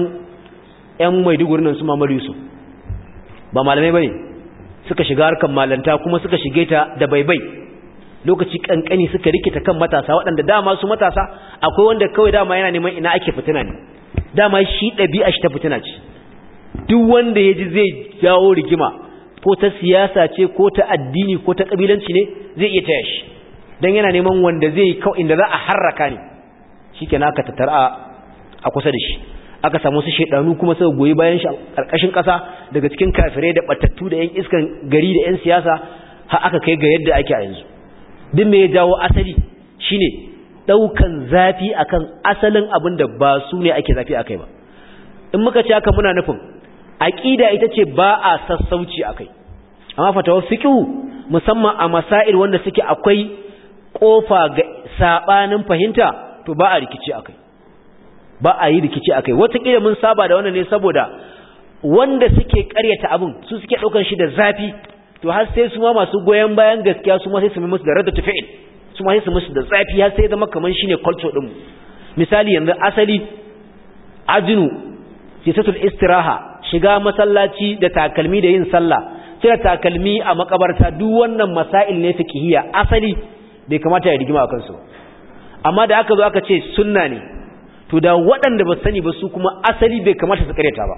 ƴan Maiduguri nan su Muhammad Yusuf ba malamai bane suka shiga harkan malanta kuma suka shige ta da baibai lokaci kankani suka rikita kan matasa waɗanda dama su matasa akwai wanda kawai dama yana neman ina ake fitina ne dama shi ɗabi'a shi ta fitina ce duk wanda ya ji zai jawo rigima ko ta siyasa ce ko ta addini ko ta kabilanci ne zai iya taya shi don yana neman wanda zai kau inda za a harraka ne ke aka tattara a kusa da shi aka samu su shaidanu kuma sau goyi bayan shi karkashin kasa daga cikin kafirai da batattu da yan iskan gari da yan siyasa har aka kai ga yadda ake a yanzu duk mai jawo asali shine ɗaukan zafi akan asalin abin da ba su ne ake zafi akai ba in muka ci haka muna nufin aqida ita ce ba a sassauci akai amma fatawar fiqh musamman a masail wanda suke akwai ƙofa ga sabanin fahimta to ba a rikici akai ba a yi rikici akai wata kila mun saba da wannan ne saboda wanda suke ƙaryata abin su suke daukar shi da zafi to har sai su ma masu goyen bayan gaskiya su ma sai su musu da radda tafi'il su ma sai su musu da zafi har sai zama kaman shine culture din misali yanzu asali ajinu sisatul istiraha shiga masallaci da takalmi da yin sallah sai takalmi a makabarta duk wannan masail ne fiqhiya asali bai kamata ya rigima akan su amma da aka zo aka ce sunna ne to da waɗanda ba sani ba su kuma asali bai kamata su kareta ba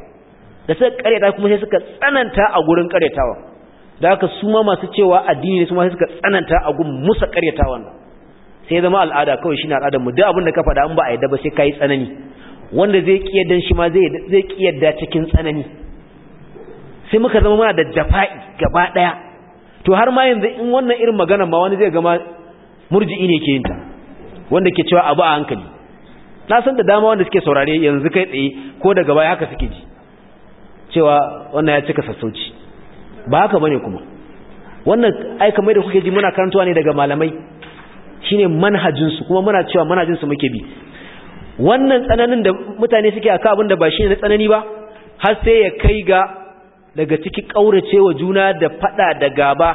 da suka kareta kuma sai suka tsananta a gurin karetawa da aka su ma masu cewa addini ne su ma sai suka tsananta a gurin musa karetawan sai zama al'ada kawai shine al'adar mu duk abin da ka faɗa in ba a yadda ba sai kai tsanani wanda zai kiyardan shi ma zai zai kiyarda cikin tsanani sai muka zama muna da jafa'i gaba daya to har ma yanzu in wannan irin magana ma wani zai gama murji'i ne ke yinta wanda ke cewa abu a hankali na san da dama wanda suke saurare yanzu kai tsaye ko daga baya haka suke ji cewa wannan ya cika sassauci ba haka bane kuma wannan ai kamar da kuke ji muna karantawa ne daga malamai shine manhajinsu kuma muna cewa manhajinsu muke bi wannan tsananin da mutane suke aka abin da ba shi ne tsanani ba har sai ya kai ga daga ciki ƙauracewa juna da faɗa da gaba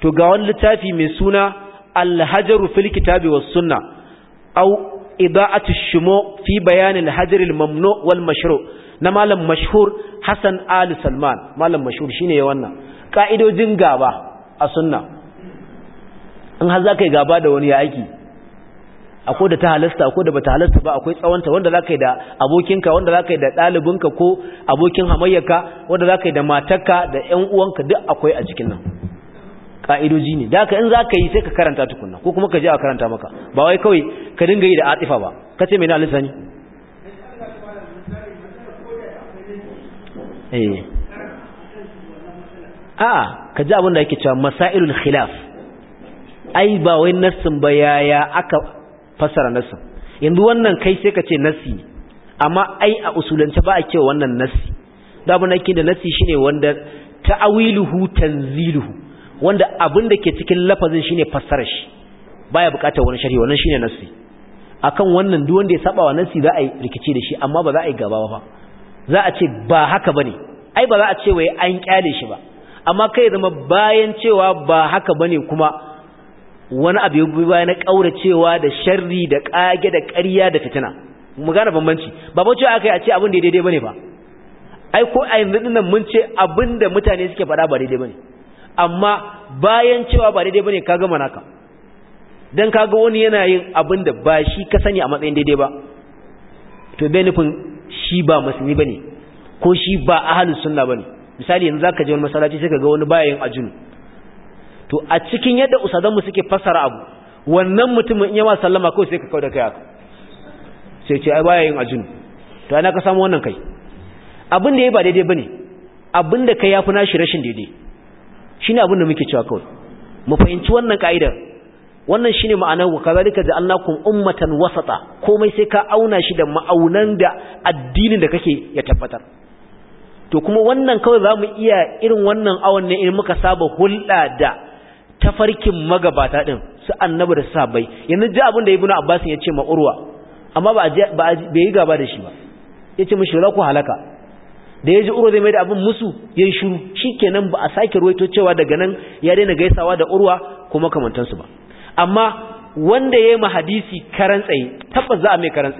to ga wani littafi mai suna alhajaru fil kitabi was sunna au ida'atu shumo fi bayanin hajar mamnu wal mashru na malam mashhur Hassan Ali Salman malam mashhur shine ya wannan ka'idojin gaba a sunna in har zaka yi gaba da wani ya aiki akwai da ta halasta akwai da bata halasta ba akwai tsawonta wanda zaka yi da abokinka wanda zaka yi da ɗalibinka ko abokin hamayyarka wanda zaka yi da matarka da ƴan uwanka duk akwai a cikin nan ka'idoji ne da ka in zaka yi sai ka karanta tukunna ko kuma ka je a karanta maka ba wai kawai ka dinga yi da atifa ba ce me na halasta ne eh a'a ka ji abin da yake cewa masailul khilaf ai ba wai nassin ba yaya aka fassara nassin yanzu wannan kai sai ka ce nassi amma ai a usulance ba a ce wannan nassi da abin ake da nassi shine wanda ta'awiluhu tanziluhu wanda abin da ke cikin lafazin shine fasara shi baya bukatar wani sharhi wannan shine nassi akan wannan duk wanda ya saba wa nassi za a yi rikici da shi amma ba za a yi gaba ba za a ce ba haka bane ai ba za a ce wai an kyale shi ba amma kai zama bayan cewa ba haka bane kuma wani abu ya bayan baya na ƙauracewa da sharri da ƙage da ƙarya da fitina mu gane bambanci ba ba cewa aka yi a ce abin da ya daidai bane ba ai ko a yanzu dinnan mun ce abin da mutane suke faɗa ba daidai bane amma bayan cewa ba daidai bane ka gama naka dan kaga wani yana yin abin da ba shi ka sani a matsayin daidai ba to bai nufin shi ba musulmi bane ko shi ba ahlus sunna ne misali yanzu zaka je wani masallaci sai ka ga wani bayan ajunu to a cikin yadda mu suke fassara abu wannan mutumin in yawa sallama kawai sai ka kawo da kai haka sai ce ai baya yin ajinu to ana ka samu wannan kai abin da ya ba daidai bane abin da kai yafi nashi rashin daidai shine abin da muke cewa kawai mu fahimci wannan ka'idar wannan shine ma'anar wa kazalika ja'alnakum ummatan wasata komai sai ka auna shi da ma'aunan da addinin da kake ya tabbatar to kuma wannan kawai zamu iya irin wannan awon ne in muka saba hulɗa da tafarkin magabata din su annabi da sahabbai yanzu ji abin da ibnu abbas ya ce ma urwa amma ba ba bai yi gaba da shi ba yace mishi ra ku halaka da yaji urwa zai mai da abin musu yayin shiru shikenan ba a sake ruwaito cewa daga nan ya daina gaisawa da urwa kuma su ba amma wanda yayi ma hadisi karan tsaye tabbas za a mai karan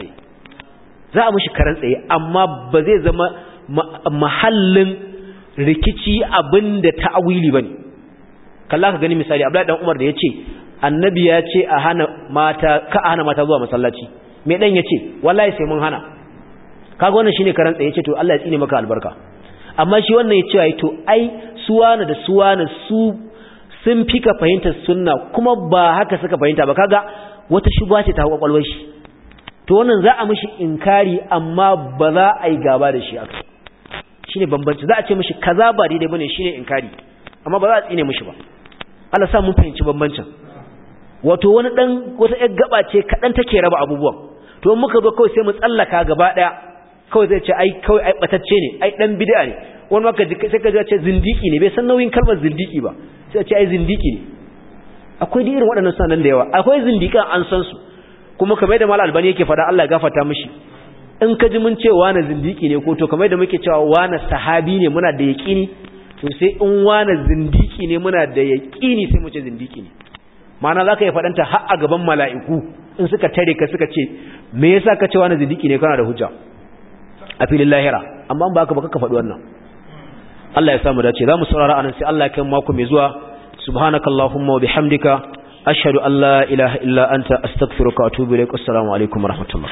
za a mishi karan tsaye amma ba zai zama mahallin rikici abinda ta'awili bane kalla ka gani misali Abdullahi dan Umar da yace annabi ya ce a hana mata ka hana mata zuwa masallaci me dan yace wallahi sai mun hana kaga wannan shine karan tsaye yace to Allah ya tsine maka albarka amma shi wannan ya ce ai to ai suwana da suwana su sun fika fahimtar sunna kuma ba haka suka fahimta ba kaga wata shubha ce ta hawa kwalwar shi to wannan za a mishi inkari amma ba za a yi gaba da shi aka shine bambanci za a ce mishi kaza ba daidai bane shine inkari amma ba za a tsine mishi ba Allah sa mun fahimci bambancin wato wani dan wata yar gaba ce kadan take raba abubuwan to muka zo kawai sai mu tsallaka gaba daya kawai zai ce ai kawai ai batacce ne ai dan bid'a ne wani maka sai ka ji ce zindiki ne bai san nauyin kalmar zindiki ba sai ce ai zindiki ne akwai da irin waɗannan suna nan da yawa akwai zindikan an san su kuma kamar da mal albani yake faɗa Allah ya gafarta mishi in ka ji mun ce na zindiki ne ko to kamar da muke cewa na sahabi ne muna da yaqini to sai in wani zindiki ne muna da yaƙini sai mu ce zindiki ne ma'ana za ka yi faɗanta har a gaban mala'iku in suka tare ka suka ce me yasa ka ce wani zindiki ne kana da hujja a filin lahira amma ba ka ba ka faɗi wannan Allah ya samu dace za mu saurara anan sai Allah ya kai mako mai zuwa subhanakallahumma wa bihamdika ashhadu an la ilaha illa anta astaghfiruka wa atubu ilaik assalamu alaikum wa